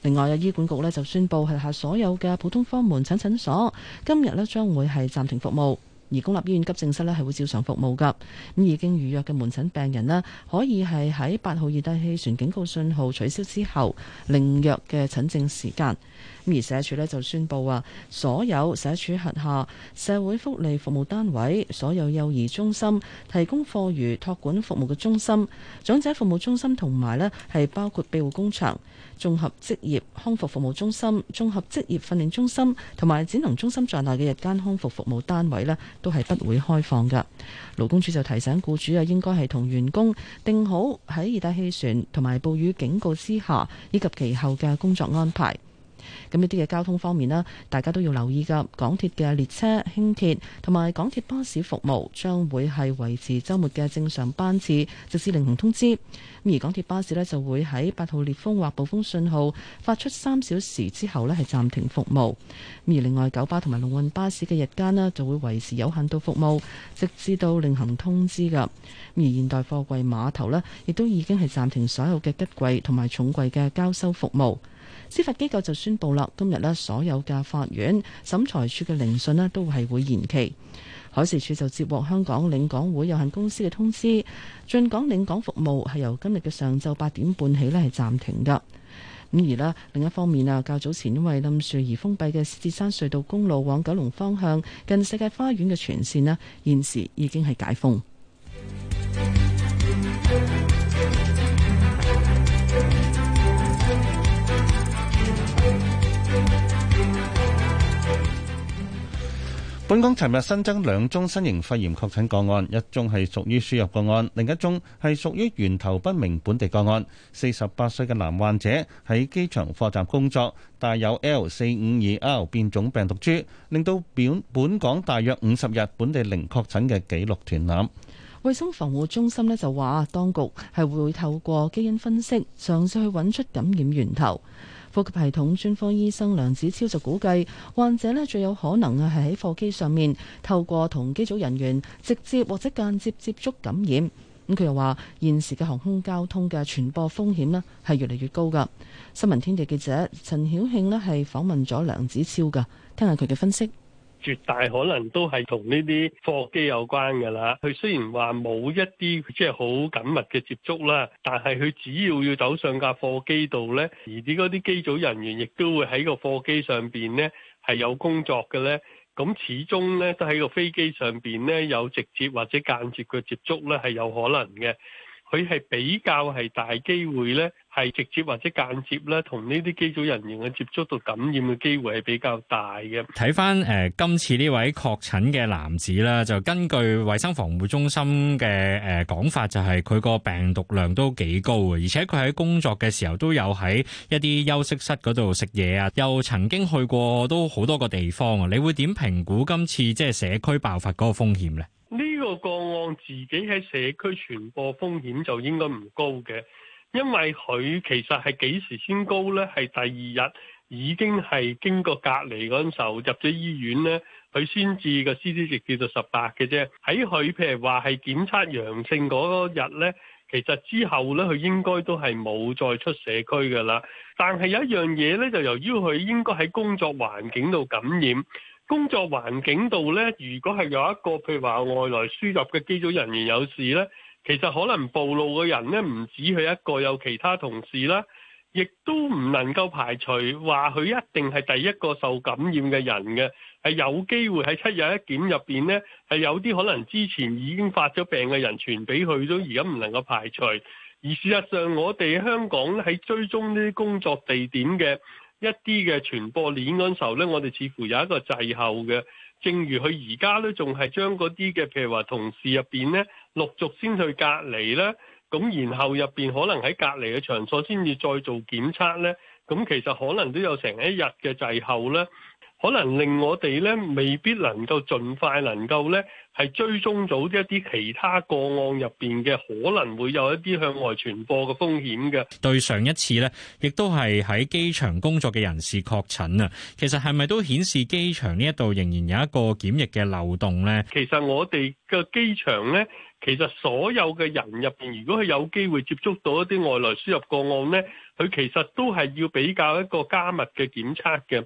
另外，有醫管局呢就宣布轄下所有嘅普通科門診診所今日呢將會係暫停服務，而公立醫院急症室呢係會照常服務噶。咁已經預約嘅門診病人呢，可以係喺八號熱帶氣旋警告信號取消之後，另約嘅診症時間。咁而社署呢，就宣布啊，所有社署轄下社會福利服務單位、所有幼兒中心、提供課餘託管服務嘅中心、長者服務中心，同埋呢，係包括庇護工場、綜合職業康復服務中心、綜合職業訓練中心同埋展能中心在內嘅日間康復服務單位呢，都係不會開放㗎。勞工處就提醒雇主啊，應該係同員工定好喺熱帶氣旋同埋暴雨警告之下，以及其後嘅工作安排。咁一啲嘅交通方面咧，大家都要留意噶。港鐵嘅列車、輕鐵同埋港鐵巴士服務將會係維持周末嘅正常班次，直至另行通知。咁而港鐵巴士咧就會喺八號烈風或暴風訊號發出三小時之後咧係暫停服務。咁而另外九巴同埋龍運巴士嘅日間咧就會維持有限度服務，直至到另行通知噶。咁而現代貨櫃碼頭咧亦都已經係暫停所有嘅吉櫃同埋重櫃嘅交收服務。司法機構就宣布啦，今日呢所有嘅法院審裁處，嘅聆訊呢都係會延期。海事處就接獲香港領港會有限公司嘅通知，進港領港服務係由今日嘅上晝八點半起呢係暫停嘅。咁而呢另一方面啊，較早前因為冧樹而封閉嘅獅子山隧道公路往九龍方向近世界花園嘅全線呢，現時已經係解封。本港尋日新增兩宗新型肺炎確診個案，一宗係屬於輸入個案，另一宗係屬於源頭不明本地個案。四十八歲嘅男患者喺機場貨站工作，帶有 L 四五二 R 變種病毒株，令到表本港大約五十日本地零確診嘅紀錄斷纜。衞生防護中心咧就話，當局係會透過基因分析，嘗試去揾出感染源頭。呼吸系統專科醫生梁子超就估計，患者呢最有可能啊係喺貨機上面透過同機組人員直接或者間接接觸感染。咁佢又話，現時嘅航空交通嘅傳播風險呢係越嚟越高㗎。新聞天地記者陳曉慶呢係訪問咗梁子超㗎，聽下佢嘅分析。絕大可能都係同呢啲貨機有關㗎啦。佢雖然話冇一啲即係好緊密嘅接觸啦，但係佢只要要走上架貨機度呢，而啲嗰啲機組人員亦都會喺個貨機上邊呢係有工作嘅呢。咁始終呢都喺個飛機上邊呢有直接或者間接嘅接觸呢係有可能嘅。佢係比較係大機會呢。係直接或者間接咧，同呢啲機組人員嘅接觸到感染嘅機會係比較大嘅。睇返誒今次呢位確診嘅男子啦，就根據衞生防護中心嘅誒、呃、講法，就是，就係佢個病毒量都幾高嘅，而且佢喺工作嘅時候都有喺一啲休息室嗰度食嘢啊，又曾經去過都好多個地方啊。你會點評估今次即係社區爆發嗰個風險呢？呢個個案自己喺社區傳播風險就應該唔高嘅。因為佢其實係幾時先高呢？係第二日已經係經過隔離嗰陣時候入咗醫院呢，佢先至個 CT 值叫做十八嘅啫。喺佢譬如話係檢測陽性嗰日呢，其實之後呢，佢應該都係冇再出社區㗎啦。但係有一樣嘢呢，就由於佢應該喺工作環境度感染，工作環境度呢，如果係有一個譬如話外來輸入嘅機組人員有事呢。其實可能暴露嘅人呢，唔止佢一個，有其他同事啦，亦都唔能夠排除話佢一定係第一個受感染嘅人嘅，係有機會喺七日一檢入邊呢，係有啲可能之前已經發咗病嘅人傳俾佢咗，而家唔能夠排除。而事實上，我哋香港喺追蹤呢啲工作地點嘅一啲嘅傳播鏈嗰陣時候呢，我哋似乎有一個滯後嘅。正如佢而家都仲係將嗰啲嘅，譬如話同事入邊咧，陸續先去隔離咧，咁然後入邊可能喺隔離嘅場所先至再做檢測咧，咁其實可能都有成一日嘅滯後咧。可能令我哋咧未必能夠盡快能夠咧係追蹤到一啲其他個案入邊嘅，可能會有一啲向外傳播嘅風險嘅。對上一次咧，亦都係喺機場工作嘅人士確診啊，其實，係咪都顯示機場呢一度仍然有一個檢疫嘅漏洞呢？其實，我哋嘅機場呢，其實所有嘅人入邊，如果佢有機會接觸到一啲外來輸入個案呢，佢其實都係要比較一個加密嘅檢測嘅。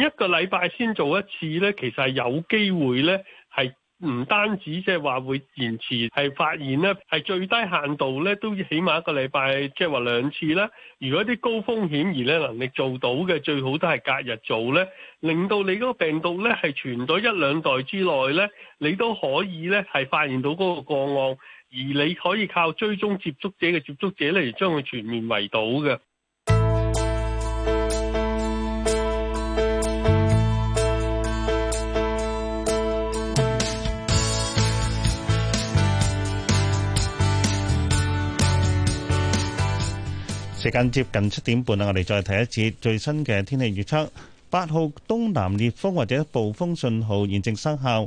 一個禮拜先做一次呢，其實係有機會呢，係唔單止，即係話會延遲，係發現呢，係最低限度呢，都起碼一個禮拜，即係話兩次啦。如果啲高風險而呢能力做到嘅，最好都係隔日做呢。令到你嗰個病毒呢係存到一兩代之內呢，你都可以呢係發現到嗰個個案，而你可以靠追蹤接觸者嘅接觸者嚟將佢全面圍堵嘅。時間接近七點半啦，我哋再睇一次最新嘅天氣預測。八號東南烈風或者暴風信號現正生效。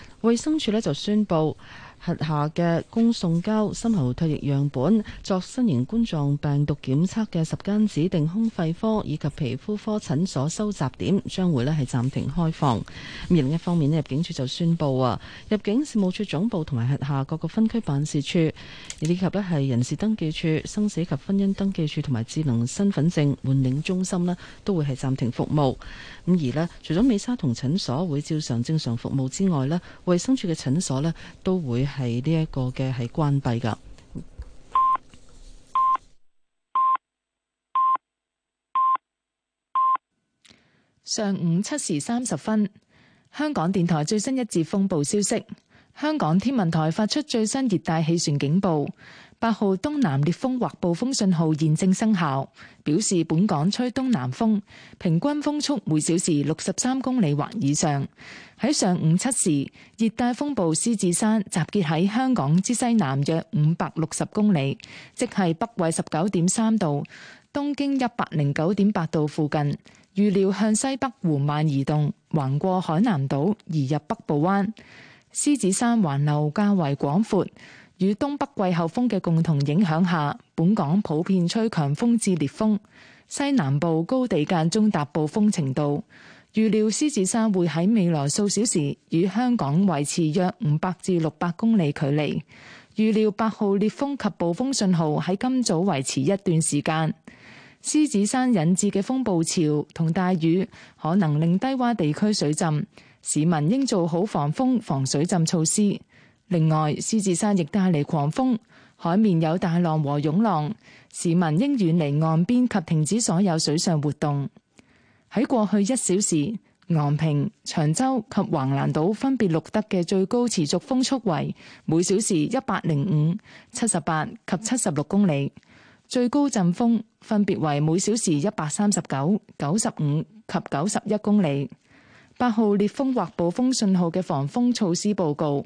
衛生署咧就宣布，轄下嘅公送交深喉唾液樣本作新型冠狀病毒檢測嘅十間指定胸肺科以及皮膚科診所收集點，將會咧係暫停開放。而另一方面咧，入境處就宣布啊，入境事務處總部同埋轄下各個分區辦事處，以及咧係人事登記處、生死及婚姻登記處同埋智能身份證換領中心咧，都會係暫停服務。咁而呢，除咗美沙酮診所會照常正常服務之外呢，衞生署嘅診所呢都會係呢一個嘅係關閉㗎。上午七時三十分，香港電台最新一節風暴消息，香港天文台發出最新熱帶氣旋警報。八號東南烈風或暴風信號現正生效，表示本港吹東南風，平均風速每小時六十三公里或以上。喺上午七時，熱帶風暴獅子山集結喺香港之西南約五百六十公里，即係北緯十九點三度、東經一百零九點八度附近。預料向西北緩慢移動，橫過海南島移入北部灣。獅子山環流較為廣闊。與東北季候風嘅共同影響下，本港普遍吹強風至烈風，西南部高地間中達暴風程度。預料獅子山會喺未來數小時與香港維持約五百至六百公里距離。預料八號烈風及暴風信號喺今早維持一段時間。獅子山引致嘅風暴潮同大雨，可能令低窪地區水浸，市民應做好防風、防水浸措施。另外，獅子山亦帶嚟狂風，海面有大浪和湧浪，市民應遠離岸邊及停止所有水上活動。喺過去一小時，昂坪、長洲及橫瀾島分別錄得嘅最高持續風速為每小時一百零五、七十八及七十六公里，最高陣風分別為每小時一百三十九、九十五及九十一公里。八號烈風或暴風信號嘅防風措施報告。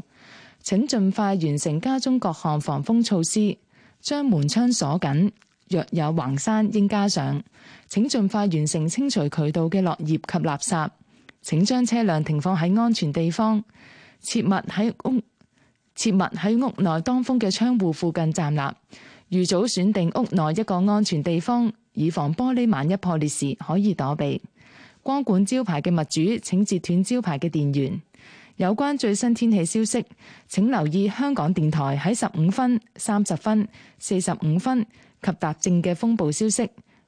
請盡快完成家中各項防風措施，將門窗鎖緊，若有橫山應加上。請盡快完成清除渠道嘅落葉及垃圾。請將車輛停放喺安全地方，切勿喺屋切勿喺屋內當風嘅窗戶附近站立。預早選定屋內一個安全地方，以防玻璃萬一破裂時可以躲避。光管招牌嘅物主，請截斷招牌嘅電源。有關最新天氣消息，請留意香港電台喺十五分、三十分、四十五分及踏正嘅風暴消息。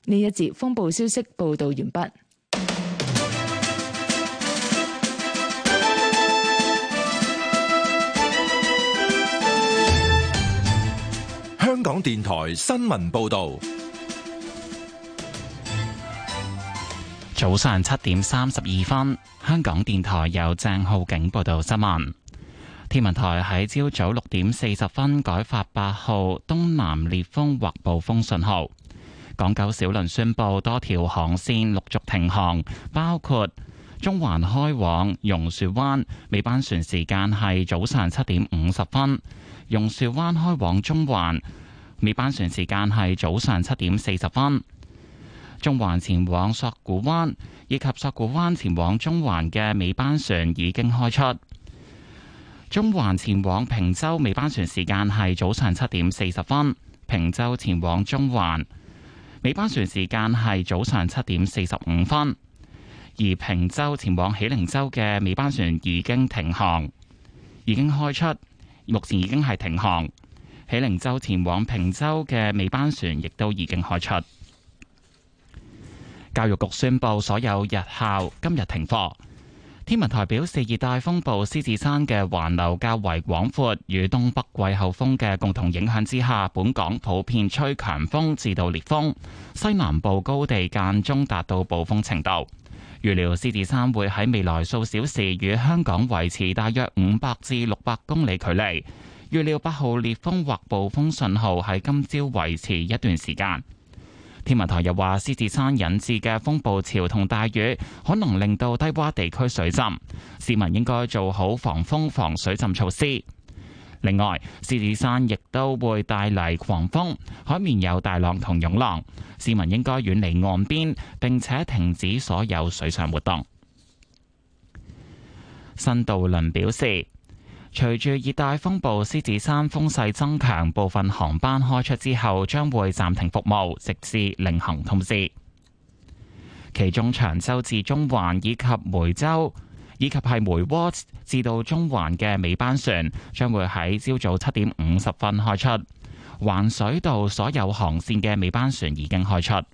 呢一節風暴消息報道完畢。香港電台新聞報道。早上七點三十二分，香港電台由鄭浩景報道新聞。天文台喺朝早六點四十分改發八號東南烈風或暴風信號。港九小輪宣布多條航線陸續停航，包括中環開往榕樹灣，尾班船時間係早上七點五十分；榕樹灣開往中環，尾班船時間係早上七點四十分。中環前往索罟灣以及索罟灣前往中環嘅尾班船已經開出。中環前往坪洲尾班船時間係早上七點四十分，坪洲前往中環尾班船時間係早上七點四十五分。而坪洲前往喜靈洲嘅尾班船已經停航，已經開出。目前已經係停航。喜靈洲前往坪洲嘅尾班船亦都已經開出。教育局宣布，所有日校今日停課。天文台表示，熱帶風暴獅子山嘅環流較為廣闊，與東北季候風嘅共同影響之下，本港普遍吹強風，至到烈風。西南部高地間中達到暴風程度。預料獅子山會喺未來數小時與香港維持大約五百至六百公里距離。預料八號烈風或暴風信號喺今朝維持一段時間。天文台又話，獅子山引致嘅風暴潮同大雨，可能令到低洼地區水浸，市民應該做好防風防水浸措施。另外，獅子山亦都會帶嚟狂風，海面有大浪同湧浪，市民應該遠離岸邊並且停止所有水上活動。新渡輪表示，隨住熱帶風暴獅子山風勢增強，部分航班開出之後將會暫停服務，直至另行通知。其中長洲至中環以及梅州以及係梅窩至到中環嘅尾班船，將會喺朝早七點五十分開出。環水道所有航線嘅尾班船已經開出。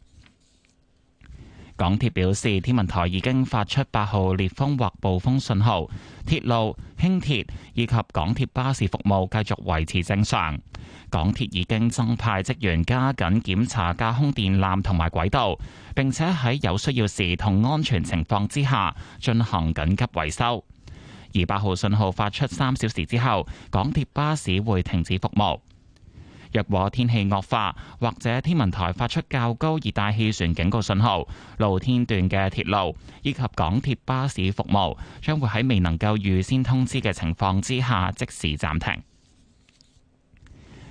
港鐵表示，天文台已經發出八號烈風或暴風信號，鐵路、輕鐵以及港鐵巴士服務繼續維持正常。港鐵已經增派職員，加緊檢查架空電纜同埋軌道，並且喺有需要時同安全情況之下進行緊急維修。而八號信號發出三小時之後，港鐵巴士會停止服務。若和天氣惡化，或者天文台發出較高熱帶氣旋警告信號，露天段嘅鐵路以及港鐵巴士服務將會喺未能夠預先通知嘅情況之下，即時暫停。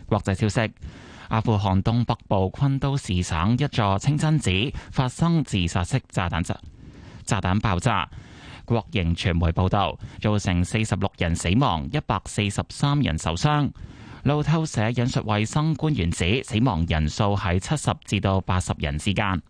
國際消息：阿富汗東北部昆都士省一座清真寺發生自殺式炸彈炸炸彈爆炸，國營傳媒報道造成四十六人死亡，一百四十三人受傷。路透社引述衛生官員指，死亡人數喺七十至到八十人之間。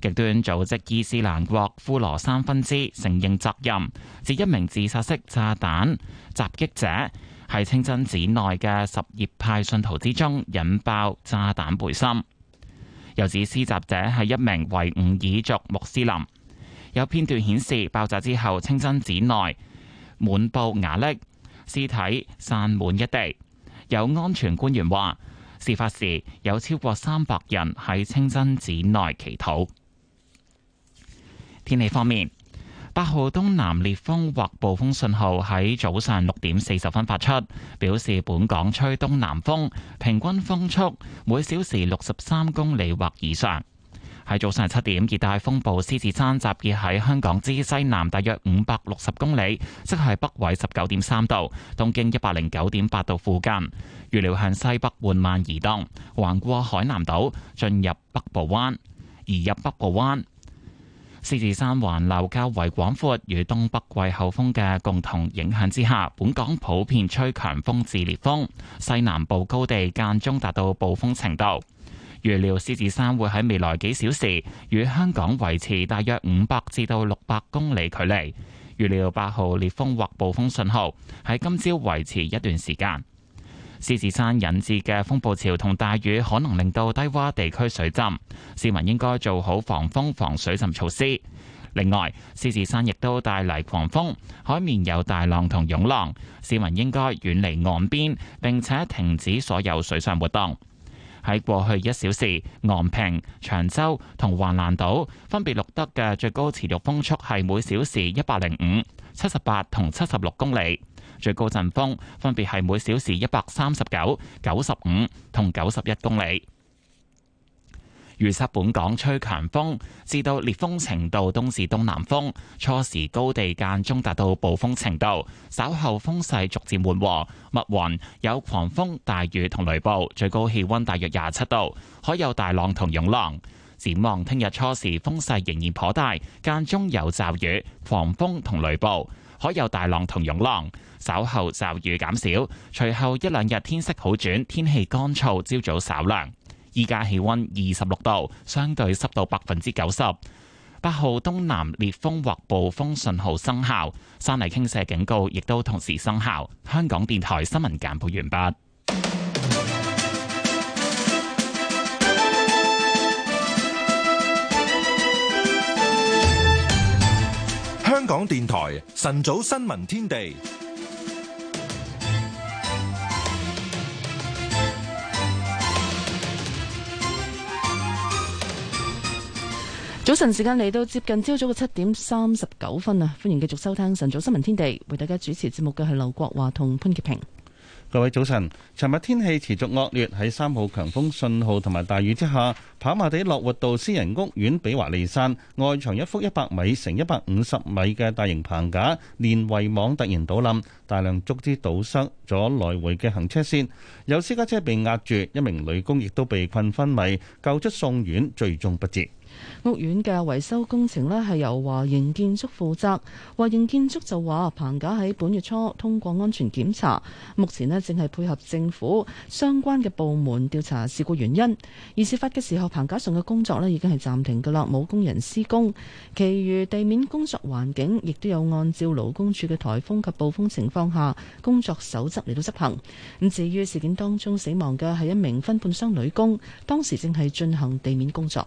極端組織伊斯蘭國呼羅珊分支承認責任，指一名自殺式炸彈襲擊者喺清真寺內嘅什葉派信徒之中引爆炸彈背心，又指施襲者係一名維吾爾族穆斯林。有片段顯示，爆炸之後清真寺內滿布瓦礫，屍體散滿一地。有安全官員話，事發時有超過三百人喺清真寺內祈禱。天氣方面，八號東南烈風或暴風信號喺早上六點四十分發出，表示本港吹東南風，平均風速每小時六十三公里或以上。喺早上七點，熱帶風暴獅子山集結喺香港之西南，大約五百六十公里，即係北緯十九點三度、東經一百零九點八度附近。預料向西北緩慢移動，橫過海南島，進入北部灣，移入北部灣。獅子山環流較為廣闊，與東北季候風嘅共同影響之下，本港普遍吹強風至烈風，西南部高地間中達到暴風程度。預料獅子山會喺未來幾小時與香港維持大約五百至到六百公里距離。預料八號烈風或暴風信號喺今朝維持一段時間。獅子山引致嘅風暴潮同大雨可能令到低洼地區水浸，市民應該做好防風防水浸措施。另外，獅子山亦都帶嚟狂風，海面有大浪同湧浪，市民應該遠離岸邊並且停止所有水上活動。喺過去一小時，昂平、長洲同橫瀾島分別錄得嘅最高持續風速係每小時一百零五、七十八同七十六公里，最高陣風分別係每小時一百三十九、九十五同九十一公里。預測本港吹強風，至到烈風程度，東至東南風。初時高地間中達到暴風程度，稍後風勢逐漸緩和。密雲有狂風大雨同雷暴，最高氣溫大約廿七度，海有大浪同湧浪。展望聽日初時風勢仍然頗大，間中有驟雨、狂風同雷暴，海有大浪同湧浪。稍後驟雨減少，隨後一兩日天色好轉，天氣乾燥，朝早稍涼。依家氣温二十六度，相對濕度百分之九十。八號東南烈風或暴，暴風信號生效，山泥傾瀉警告亦都同時生效。香港電台新聞簡報完畢。香港電台晨早新聞天地。早晨，時間嚟到，接近朝早嘅七點三十九分啊！歡迎繼續收聽晨早新聞天地，為大家主持節目嘅係劉國華同潘潔平。各位早晨，尋日天氣持續惡劣，喺三號強風信號同埋大雨之下，跑馬地樂活道私人屋苑比華利山外牆一幅一百米乘一百五十米嘅大型棚架連圍網突然倒冧，大量竹枝堵塞咗來回嘅行車線，有私家車被壓住，一名女工亦都被困昏迷，救出送院，最終不治。屋苑嘅維修工程呢，係由華營建築負責。華營建築就話，棚架喺本月初通過安全檢查，目前呢，正係配合政府相關嘅部門調查事故原因。而事發嘅時候，棚架上嘅工作呢，已經係暫停噶啦，冇工人施工。其餘地面工作環境亦都有按照勞工處嘅台風及暴風情況下工作守則嚟到執行。咁至於事件當中死亡嘅係一名分判商女工，當時正係進行地面工作。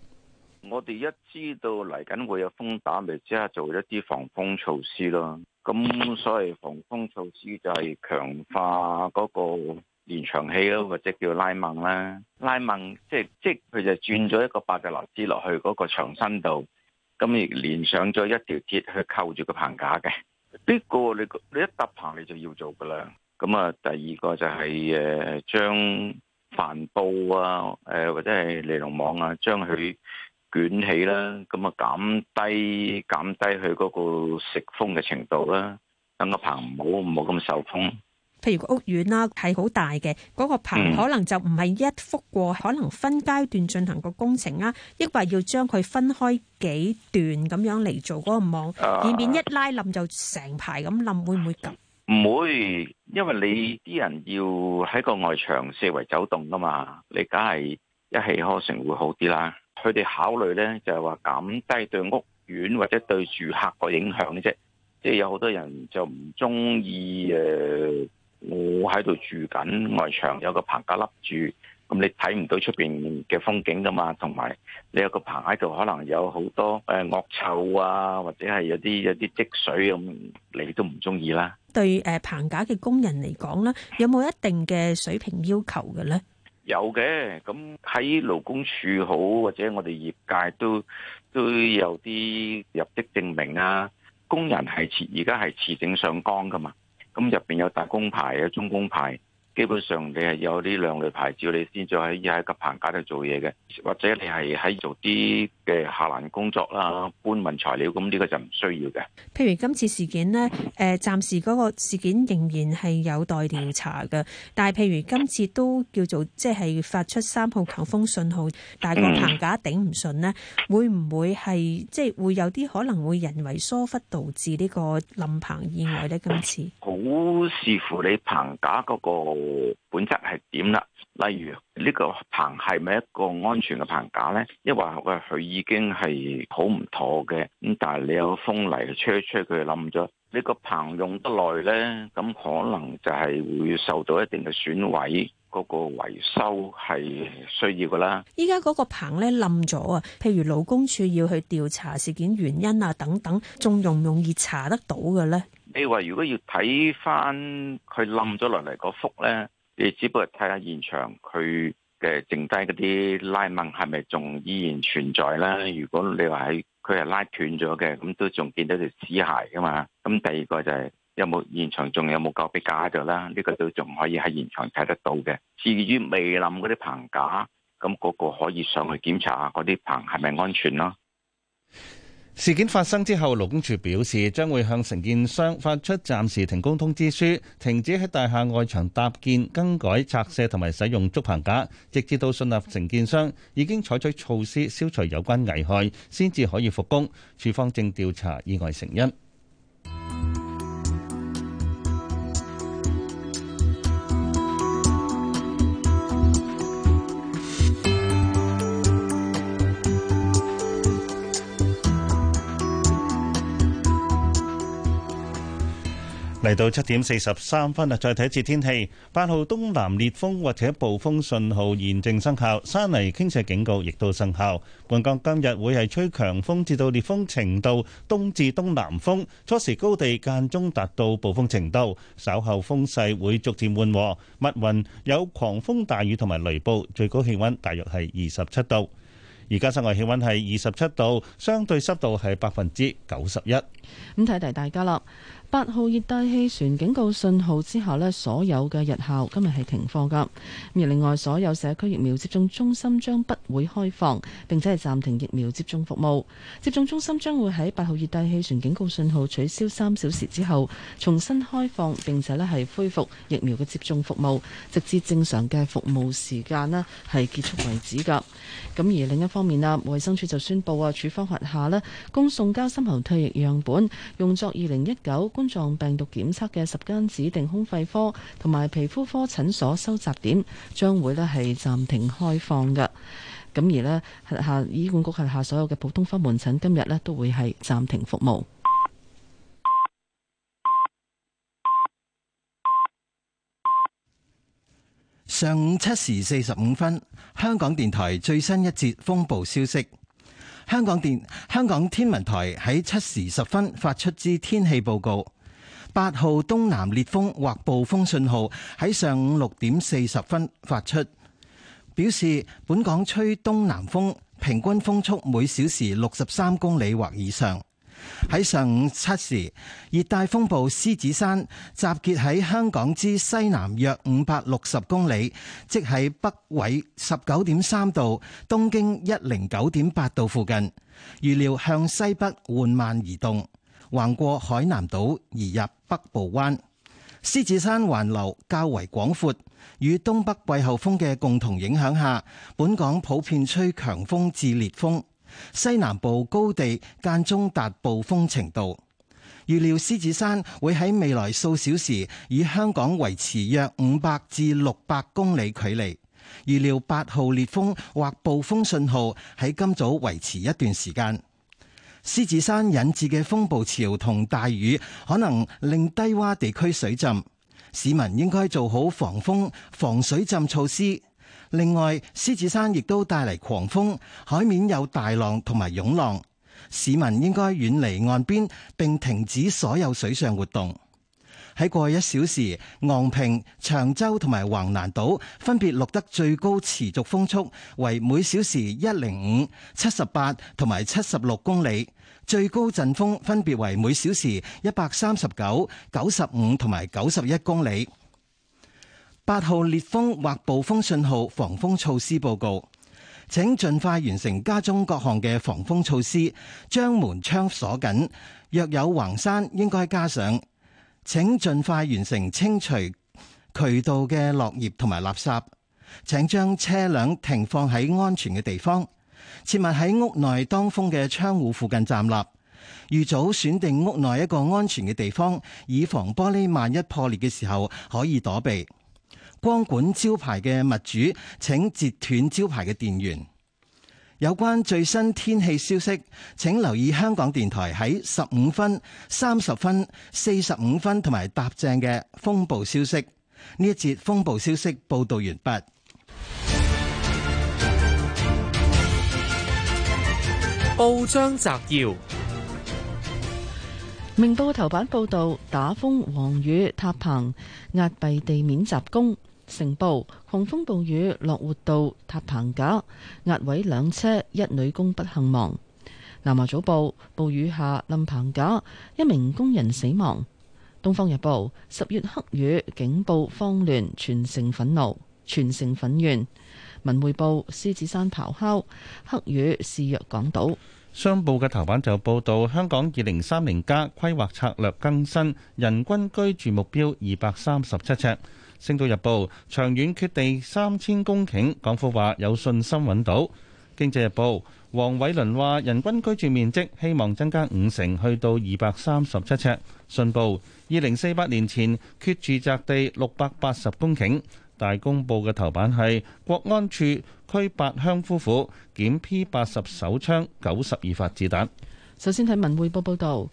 我哋一知道嚟緊會有風打，咪即刻做一啲防風措施咯。咁所謂防風措施就係強化嗰個連牆器咯，或者叫拉孟啦。拉孟即係即佢就轉咗一個八角螺絲落去嗰個長身度，咁亦連上咗一條鐵去扣住個棚架嘅。呢、呢個你你一搭棚你就要做噶啦。咁啊，第二個就係誒將帆布啊，誒或者係尼龍網啊，將佢。捲起啦，咁啊減低減低佢嗰個食風嘅程度啦，等個棚唔好唔好咁受風。譬如個屋苑啦，係好大嘅，嗰個棚可能就唔係一幅過，可能分階段進行個工程啦，抑或，要將佢分開幾段咁樣嚟做嗰個網，以免一拉冧就成排咁冧，會唔會咁？唔會，因為你啲人要喺個外牆四圍走動噶嘛，你梗係一氣呵成會好啲啦。佢哋考慮呢，就係話減低對屋苑或者對住客個影響啫。即係有好多人就唔中意誒，我喺度住緊外牆有個棚架笠住，咁你睇唔到出邊嘅風景噶嘛？同埋你有個棚喺度，可能有好多誒惡臭啊，或者係有啲有啲積水咁，你都唔中意啦。對誒棚架嘅工人嚟講咧，有冇一定嘅水平要求嘅呢？有嘅，咁喺勞工處好，或者我哋業界都都有啲入職證明啊。工人係持而家係持證上崗噶嘛，咁入邊有打工牌，有中工牌。基本上你係有呢兩類牌照，你先至可以喺個棚架度做嘢嘅，或者你係喺做啲嘅下欄工作啦，搬運材料，咁呢個就唔需要嘅。譬如今次事件咧，誒、呃、暫時嗰個事件仍然係有待調查嘅。但係譬如今次都叫做即係發出三號強風信號，但係個棚架頂唔順咧，嗯、會唔會係即係會有啲可能會人為疏忽導致呢個冧棚意外咧？今次好視乎你棚架嗰、嗰個本質係點啦？例如呢個棚係咪一個安全嘅棚架咧？因為佢已經係好唔妥嘅，咁但係你有風嚟吹吹吹，佢冧咗。呢個棚用得耐咧，咁可能就係會受到一定嘅損毀，嗰個維修係需要噶啦。依家嗰個棚咧冧咗啊！譬如勞工處要去調查事件原因啊，等等，仲容唔容易查得到嘅咧？你話如果要睇翻佢冧咗落嚟嗰幅咧，你只不過睇下現場佢嘅剩低嗰啲拉紋係咪仲依然存在啦？如果你話喺佢係拉斷咗嘅，咁都仲見到條絲鞋噶嘛？咁第二個就係有冇現場仲有冇救啲架喺度啦？呢個都仲可以喺現場睇得到嘅。至於未冧嗰啲棚架，咁嗰個可以上去檢查下嗰啲棚係咪安全咯？事件發生之後，勞工處表示將會向承建商發出暫時停工通知書，停止喺大廈外牆搭建、更改、拆卸同埋使用竹棚架，直至到信納承建商已經採取措施消除有關危害，先至可以復工。處方正調查意外成因。嚟到七點四十三分啦，再睇一次天氣。八號東南烈風或者暴風信號現正生效，山泥傾瀉警告亦都生效。本港今日會係吹強風至到烈風程度，東至東南風，初時高地間中達到暴風程度，稍後風勢會逐漸緩和。密雲有狂風大雨同埋雷暴，最高氣溫大約係二十七度。而家室外氣溫係二十七度，相對濕度係百分之九十一。咁提一提大家啦。八號熱帶氣旋警告信號之後咧，所有嘅日校今日係停課噶，而另外，所有社區疫苗接種中心將不會開放，並且係暫停疫苗接種服務。接種中心將會喺八號熱帶氣旋警告信號取消三小時之後重新開放，並且咧係恢復疫苗嘅接種服務，直至正常嘅服務時間咧係結束為止噶。咁而另一方面啦，衛生署就宣布啊，處方核下咧供送交深喉唾液樣本，用作二零一九冠狀病毒檢測嘅十間指定胸肺科同埋皮膚科診所收集點，將會呢係暫停開放嘅，咁而呢下醫管局下所有嘅普通科門診今日呢都會係暫停服務。上午七時四十五分，香港電台最新一節風暴消息。香港電香港天文台喺七時十分發出之天氣報告，八號東南烈風或暴風信號喺上午六點四十分發出，表示本港吹東南風，平均風速每小時六十三公里或以上。喺上午七時，熱帶風暴獅子山集結喺香港之西南約五百六十公里，即喺北緯十九點三度、東經一零九點八度附近。預料向西北緩慢移動，橫過海南島移入北部灣。獅子山環流較為廣闊，與東北季候風嘅共同影響下，本港普遍吹強風至烈風。西南部高地間中達暴風程度，預料獅子山會喺未來數小時以香港維持約五百至六百公里距離。預料八號烈風或暴風信號喺今早維持一段時間。獅子山引致嘅風暴潮同大雨可能令低洼地區水浸，市民應該做好防風、防水浸措施。另外，獅子山亦都帶嚟狂風，海面有大浪同埋湧浪，市民應該遠離岸邊並停止所有水上活動。喺過去一小時，昂坪、長洲同埋橫瀾島分別錄得最高持續風速為每小時一零五、七十八同埋七十六公里，最高陣風分別為每小時一百三十九、九十五同埋九十一公里。八號烈風或暴風信號防風措施報告，請盡快完成家中各項嘅防風措施，將門窗鎖緊。若有橫山，應該加上。請盡快完成清除渠道嘅落葉同埋垃圾。請將車輛停放喺安全嘅地方，切勿喺屋內當風嘅窗戶附近站立。預早選定屋內一個安全嘅地方，以防玻璃萬一破裂嘅時候可以躲避。光管招牌嘅物主，請截斷招牌嘅電源。有關最新天氣消息，請留意香港電台喺十五分、三十分、四十五分同埋搭正嘅風暴消息。呢一節風暴消息報道完畢。報章摘要：明報頭版報道打風黃雨塌棚，壓斃地面雜工。成報狂風暴雨落活道塌棚架壓毀兩車一女工不幸亡。南華早報暴雨下冧棚架一名工人死亡。東方日報十月黑雨警報慌亂全城憤怒全城憤怨。文匯報獅子山咆哮黑雨肆虐港島。商報嘅頭版就報道香港二零三零加規劃策略更新人均居住目標二百三十七尺。星島日報：長遠缺地三千公頃，港府話有信心揾到。經濟日報：黃偉綸話人均居住面積希望增加五成，去到二百三十七尺。信報：二零四八年前缺住宅地六百八十公頃。大公報嘅頭版係國安處拘八鄉夫婦，檢 P 八十手槍九十二發子彈。首先睇文匯報報道。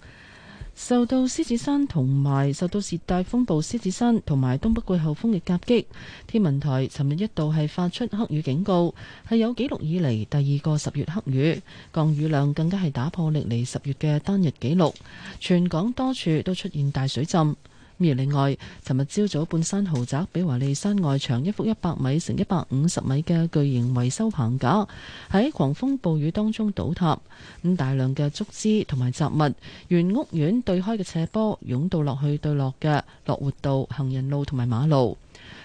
受到獅子山同埋受到熱帶風暴獅子山同埋東北季候風嘅夾擊，天文台尋日一度係發出黑雨警告，係有紀錄以嚟第二個十月黑雨，降雨量更加係打破歷嚟十月嘅單日紀錄，全港多處都出現大水浸。而另外，尋日朝早，半山豪宅比華利山外牆一幅一百米乘一百五十米嘅巨型維修棚架喺狂風暴雨當中倒塌，咁大量嘅竹枝同埋雜物，原屋苑對開嘅斜坡湧到落去對落嘅樂活道、行人路同埋馬路，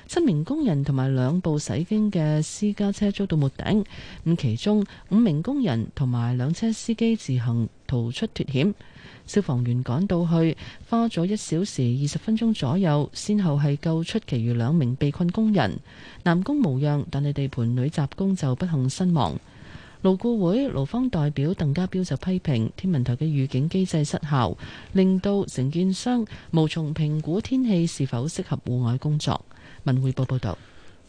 七名工人同埋兩部駛經嘅私家車遭到沒頂，咁其中五名工人同埋兩車司機自行逃出脫險。消防員趕到去，花咗一小時二十分鐘左右，先後係救出其餘兩名被困工人，男工無恙，但係地盤女雜工就不幸身亡。勞顧會勞方代表鄧家彪就批評天文台嘅預警機制失效，令到承建商無從評估天氣是否適合戶外工作。文匯報報道，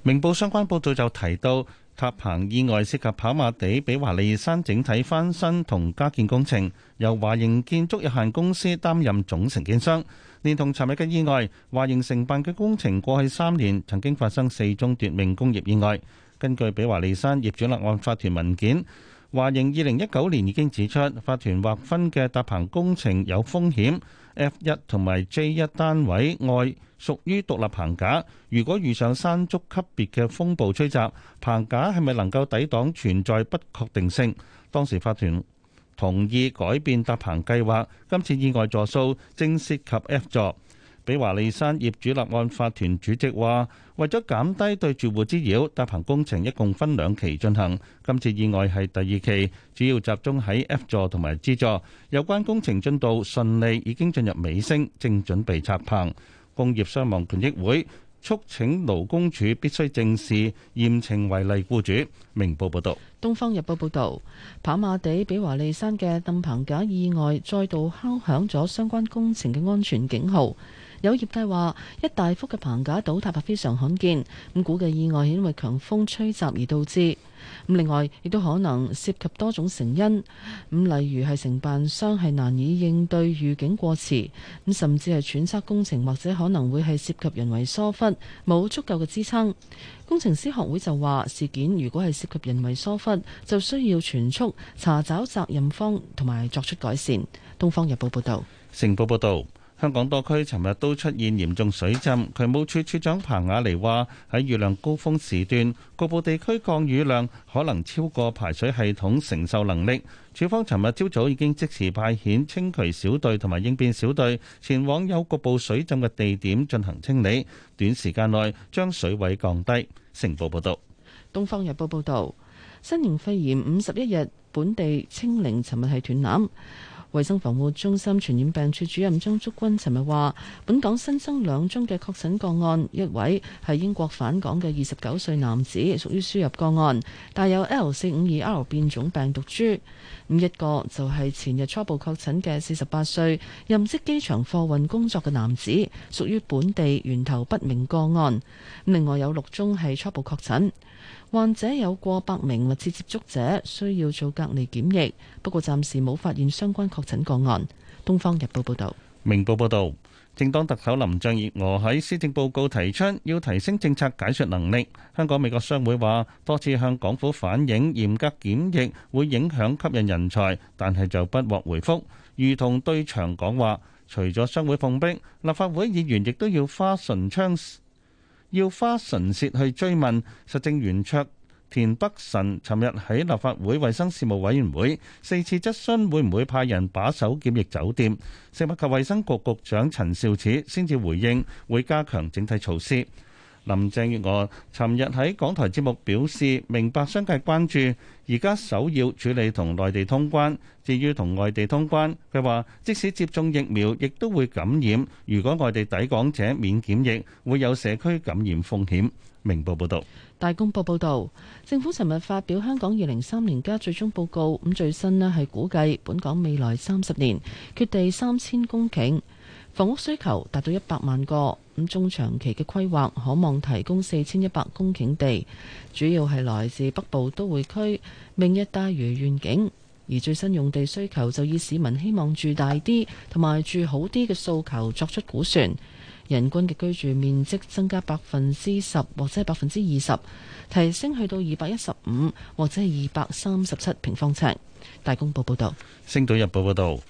明報相關報道就提到。塔棚意外涉及跑馬地比華利山整體翻新同加建工程，由華盈建築有限公司擔任總承建商。連同尋日嘅意外，華盈承辦嘅工程過去三年曾經發生四宗奪命工業意外。根據比華利山業主立案法團文件，華盈二零一九年已經指出，法團劃分嘅塔棚工程有風險。1> F 一同埋 J 一單位外，屬於獨立棚架。如果遇上山竹級別嘅風暴吹襲，棚架係咪能夠抵擋？存在不確定性。當時法團同意改變搭棚計劃。今次意外座數正涉及 F 座。比華利山業主立案法團主席話，為咗減低對住戶滋擾，搭棚工程一共分兩期進行。今次意外係第二期，主要集中喺 F 座同埋 G 座。有關工程進度順利，已經進入尾聲，正準備拆棚。工業傷亡權益會促請勞工處必須正視嚴懲違例僱主。明報報道，《東方日報》報道，跑馬地比華利山嘅搭棚架意外再度敲響咗相關工程嘅安全警號。有業界話，一大幅嘅棚架倒塌係非常罕見，咁估計意外係因為強風吹襲而導致。咁另外，亦都可能涉及多種成因，咁例如係承辦商係難以應對預警過遲，咁甚至係揣測工程或者可能會係涉及人為疏忽，冇足夠嘅支撐。工程師學會就話，事件如果係涉及人為疏忽，就需要全速查找責任方同埋作出改善。《東方日報》報道。《成報》報道。香港多區尋日都出現嚴重水浸，渠務處處長彭雅妮話：喺雨量高峰時段，局部地區降雨量可能超過排水系統承受能力。處方尋日朝早已經即時派遣清渠小隊同埋應變小隊，前往有局部水浸嘅地點進行清理，短時間內將水位降低。成報報導。《東方日報》報導。新型肺炎五十一日本地清零，尋日係斷纜。衛生防護中心傳染病處主任張竹君尋日話，本港新增兩宗嘅確診個案，一位係英國返港嘅二十九歲男子，屬於輸入個案，帶有 L 四五二 R 變種病毒株；一個就係前日初步確診嘅四十八歲，任職機場貨運工作嘅男子，屬於本地源頭不明個案。另外有六宗係初步確診。患者有過百名密切接觸者需要做隔離檢疫，不過暫時冇發現相關確診個案。《東方日報》報導，《明報》報導，正當特首林鄭月娥喺施政報告提出要提升政策解說能力，香港美國商會話多次向港府反映嚴格檢疫會影響吸引人才，但係就不獲回覆。如同對場講話，除咗商會碰壁，立法會議員亦都要花唇槍。要花唇舌去追問，實政圓桌田北辰尋日喺立法會衞生事務委員會四次質詢，會唔會派人把守檢疫酒店？食物及衛生局局長陳肇始先至回應，會加強整體措施。林鄭月娥尋日喺港台節目表示，明白商界關注，而家首要處理同內地通關。至於同外地通關，佢話即使接種疫苗，亦都會感染。如果外地抵港者免檢疫，會有社區感染風險。明報報導，大公報報導，政府尋日發表香港二零三零加最終報告。咁最新呢係估計本港未來三十年缺地三千公頃。房屋需求達到一百萬個，咁中長期嘅規劃可望提供四千一百公頃地，主要係來自北部都會區、明日大嶼願景。而最新用地需求就以市民希望住大啲同埋住好啲嘅訴求作出估算，人均嘅居住面積增加百分之十或者係百分之二十，提升去到二百一十五或者係二百三十七平方尺。大公報報道。《星島日報》報道。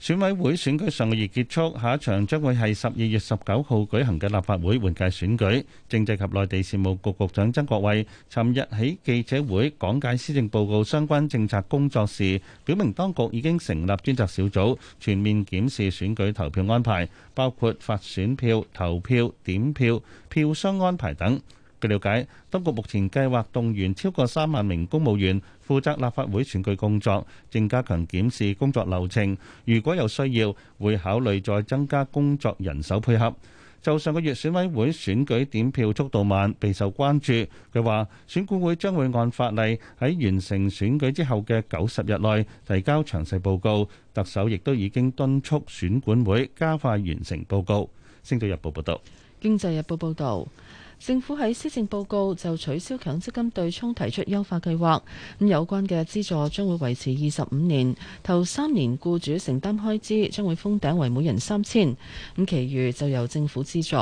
選委會選舉上個月結束，下一場將會係十二月十九號舉行嘅立法會換屆選舉。政制及內地事務局局長曾國衛尋日喺記者會講解施政報告相關政策工作時，表明當局已經成立專責小組，全面檢視選舉投票安排，包括發選票、投票、點票、票箱安排等。據了解，當局目前計劃動員超過三萬名公務員負責立法會選舉工作，正加強檢視工作流程。如果有需要，會考慮再增加工作人手配合。就上個月選委會選舉點票速度慢，備受關注。佢話，選管會將會按法例喺完成選舉之後嘅九十日內提交詳細報告。特首亦都已經敦促選管會加快完成報告。星島日報報道，經濟日報報道。政府喺施政報告就取消強積金對沖提出優化計劃，咁有關嘅資助將會維持二十五年，頭三年僱主承擔開支將會封頂為每人三千，咁其餘就由政府資助。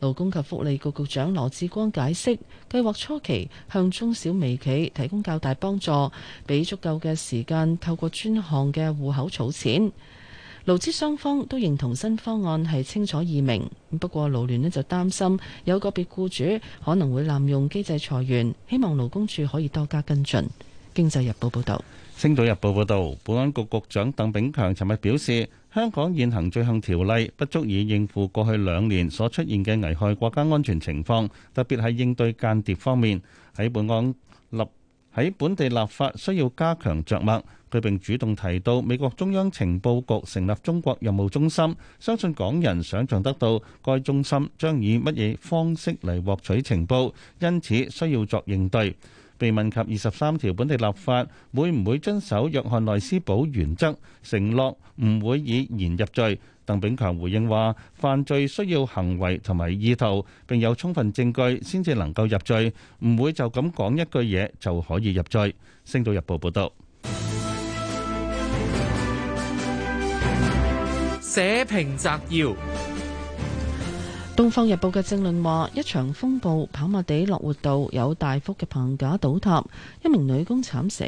勞工及福利局局長羅致光解釋，計劃初期向中小微企提供較大幫助，俾足夠嘅時間透過專項嘅戶口儲錢。勞資雙方都認同新方案係清楚易明，不過勞聯呢就擔心有個別僱主可能會濫用機制裁員，希望勞工處可以多加跟進。經濟日報報導，星島日報報導，保安局局長鄧炳強尋日表示，香港現行罪行條例不足以應付過去兩年所出現嘅危害國家安全情況，特別係應對間諜方面，喺本港立喺本地立法需要加強著墨。佢並主動提到美國中央情報局成立中國任務中心，相信港人想像得到該中心將以乜嘢方式嚟獲取情報，因此需要作應對。被問及二十三條本地立法，會唔會遵守約翰內斯堡原則，承諾唔會以言入罪，鄧炳強回應話：犯罪需要行為同埋意圖，並有充分證據先至能夠入罪，唔會就咁講一句嘢就可以入罪。星島日報報道。社評摘要：《東方日報》嘅政論話：一場風暴，跑馬地樂活道有大幅嘅棚架倒塌，一名女工慘死。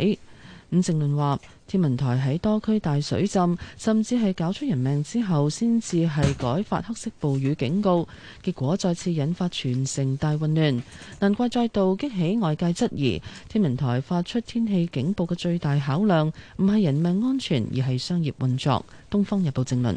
咁正論話：天文台喺多區大水浸，甚至係搞出人命之後，先至係改發黑色暴雨警告，結果再次引發全城大混亂，難怪再度激起外界質疑。天文台發出天氣警報嘅最大考量，唔係人命安全，而係商業運作。《東方日報政論》政論。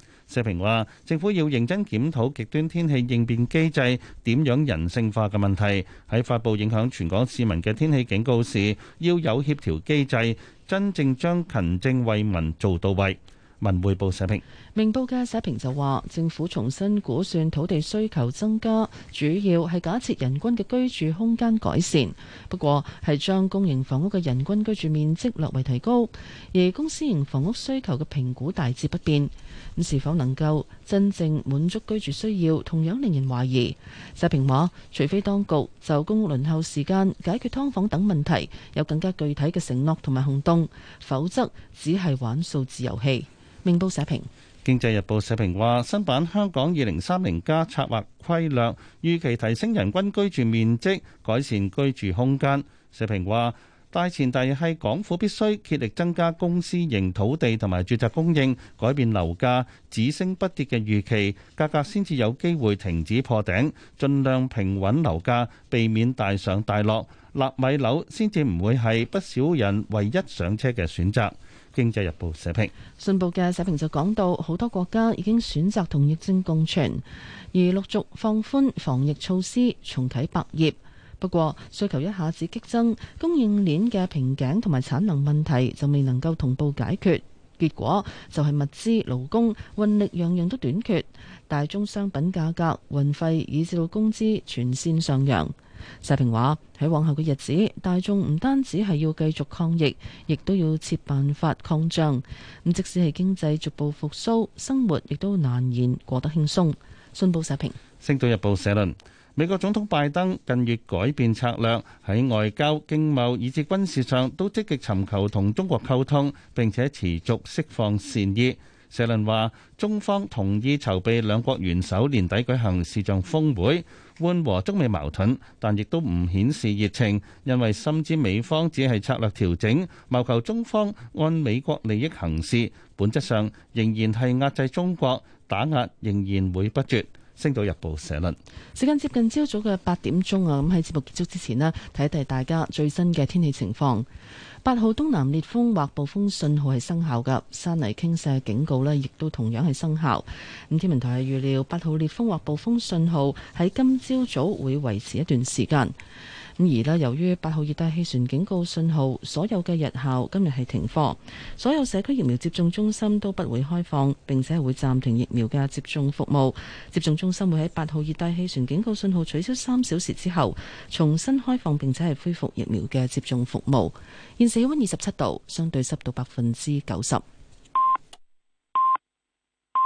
社評話：政府要認真檢討極端天氣應變機制點樣人性化嘅問題，喺發佈影響全港市民嘅天氣警告時，要有協調機制，真正將勤政為民做到位。文匯報社評，明報嘅社評就話，政府重新估算土地需求增加，主要係假設人均嘅居住空間改善，不過係將公營房屋嘅人均居住面積略為提高，而公私營房屋需求嘅評估大致不變。咁是否能夠真正滿足居住需要，同樣令人懷疑。社評話，除非當局就公屋輪候時間、解決劏房等問題有更加具體嘅承諾同埋行動，否則只係玩數字遊戲。明報社評，《經濟日報》社評話：新版香港二零三零加策劃規略，預期提升人均居住面積，改善居住空間。社評話：大前提係港府必須竭力增加公私營土地同埋住宅供應，改變樓價只升不跌嘅預期，價格先至有機會停止破頂，盡量平穩樓價，避免大上大落，納米樓先至唔會係不少人唯一上車嘅選擇。《經濟日報》社評，信報嘅社評就講到，好多國家已經選擇同疫症共存，而陸續放寬防疫措施，重啟百業。不過，需求一下子激增，供應鏈嘅瓶頸同埋產能問題就未能夠同步解決，結果就係物資、勞工、運力樣樣都短缺，大宗商品價格、運費以至到工資全線上揚。社評話喺往後嘅日子，大眾唔單止係要繼續抗疫，亦都要設辦法擴張。咁即使係經濟逐步復甦，生活亦都難言過得輕鬆。信報社評，《星島日報》社論：美國總統拜登近月改變策略，喺外交、經貿以至軍事上都積極尋求同中國溝通，並且持續釋放善意。社論話中方同意籌備兩國元首年底舉行視像峰會。緩和中美矛盾，但亦都唔顯示熱情，因為甚至美方只係策略調整，謀求中方按美國利益行事，本質上仍然係壓制中國，打壓仍然會不絕。星島日報社論。時間接近朝早嘅八點鐘啊，咁喺節目結束之前咧，睇睇大家最新嘅天氣情況。八號東南烈風或暴風信號係生效噶山泥傾瀉警告呢，亦都同樣係生效。咁天文台係預料八號烈風或暴風信號喺今朝早早會維持一段時間。咁而咧，由於八號熱帶氣旋警告信號，所有嘅日校今日係停課，所有社區疫苗接種中心都不會開放，並且會暫停疫苗嘅接種服務。接種中心會喺八號熱帶氣旋警告信號取消三小時之後重新開放，並且係恢復疫苗嘅接種服務。現時氣温二十七度，相對濕度百分之九十。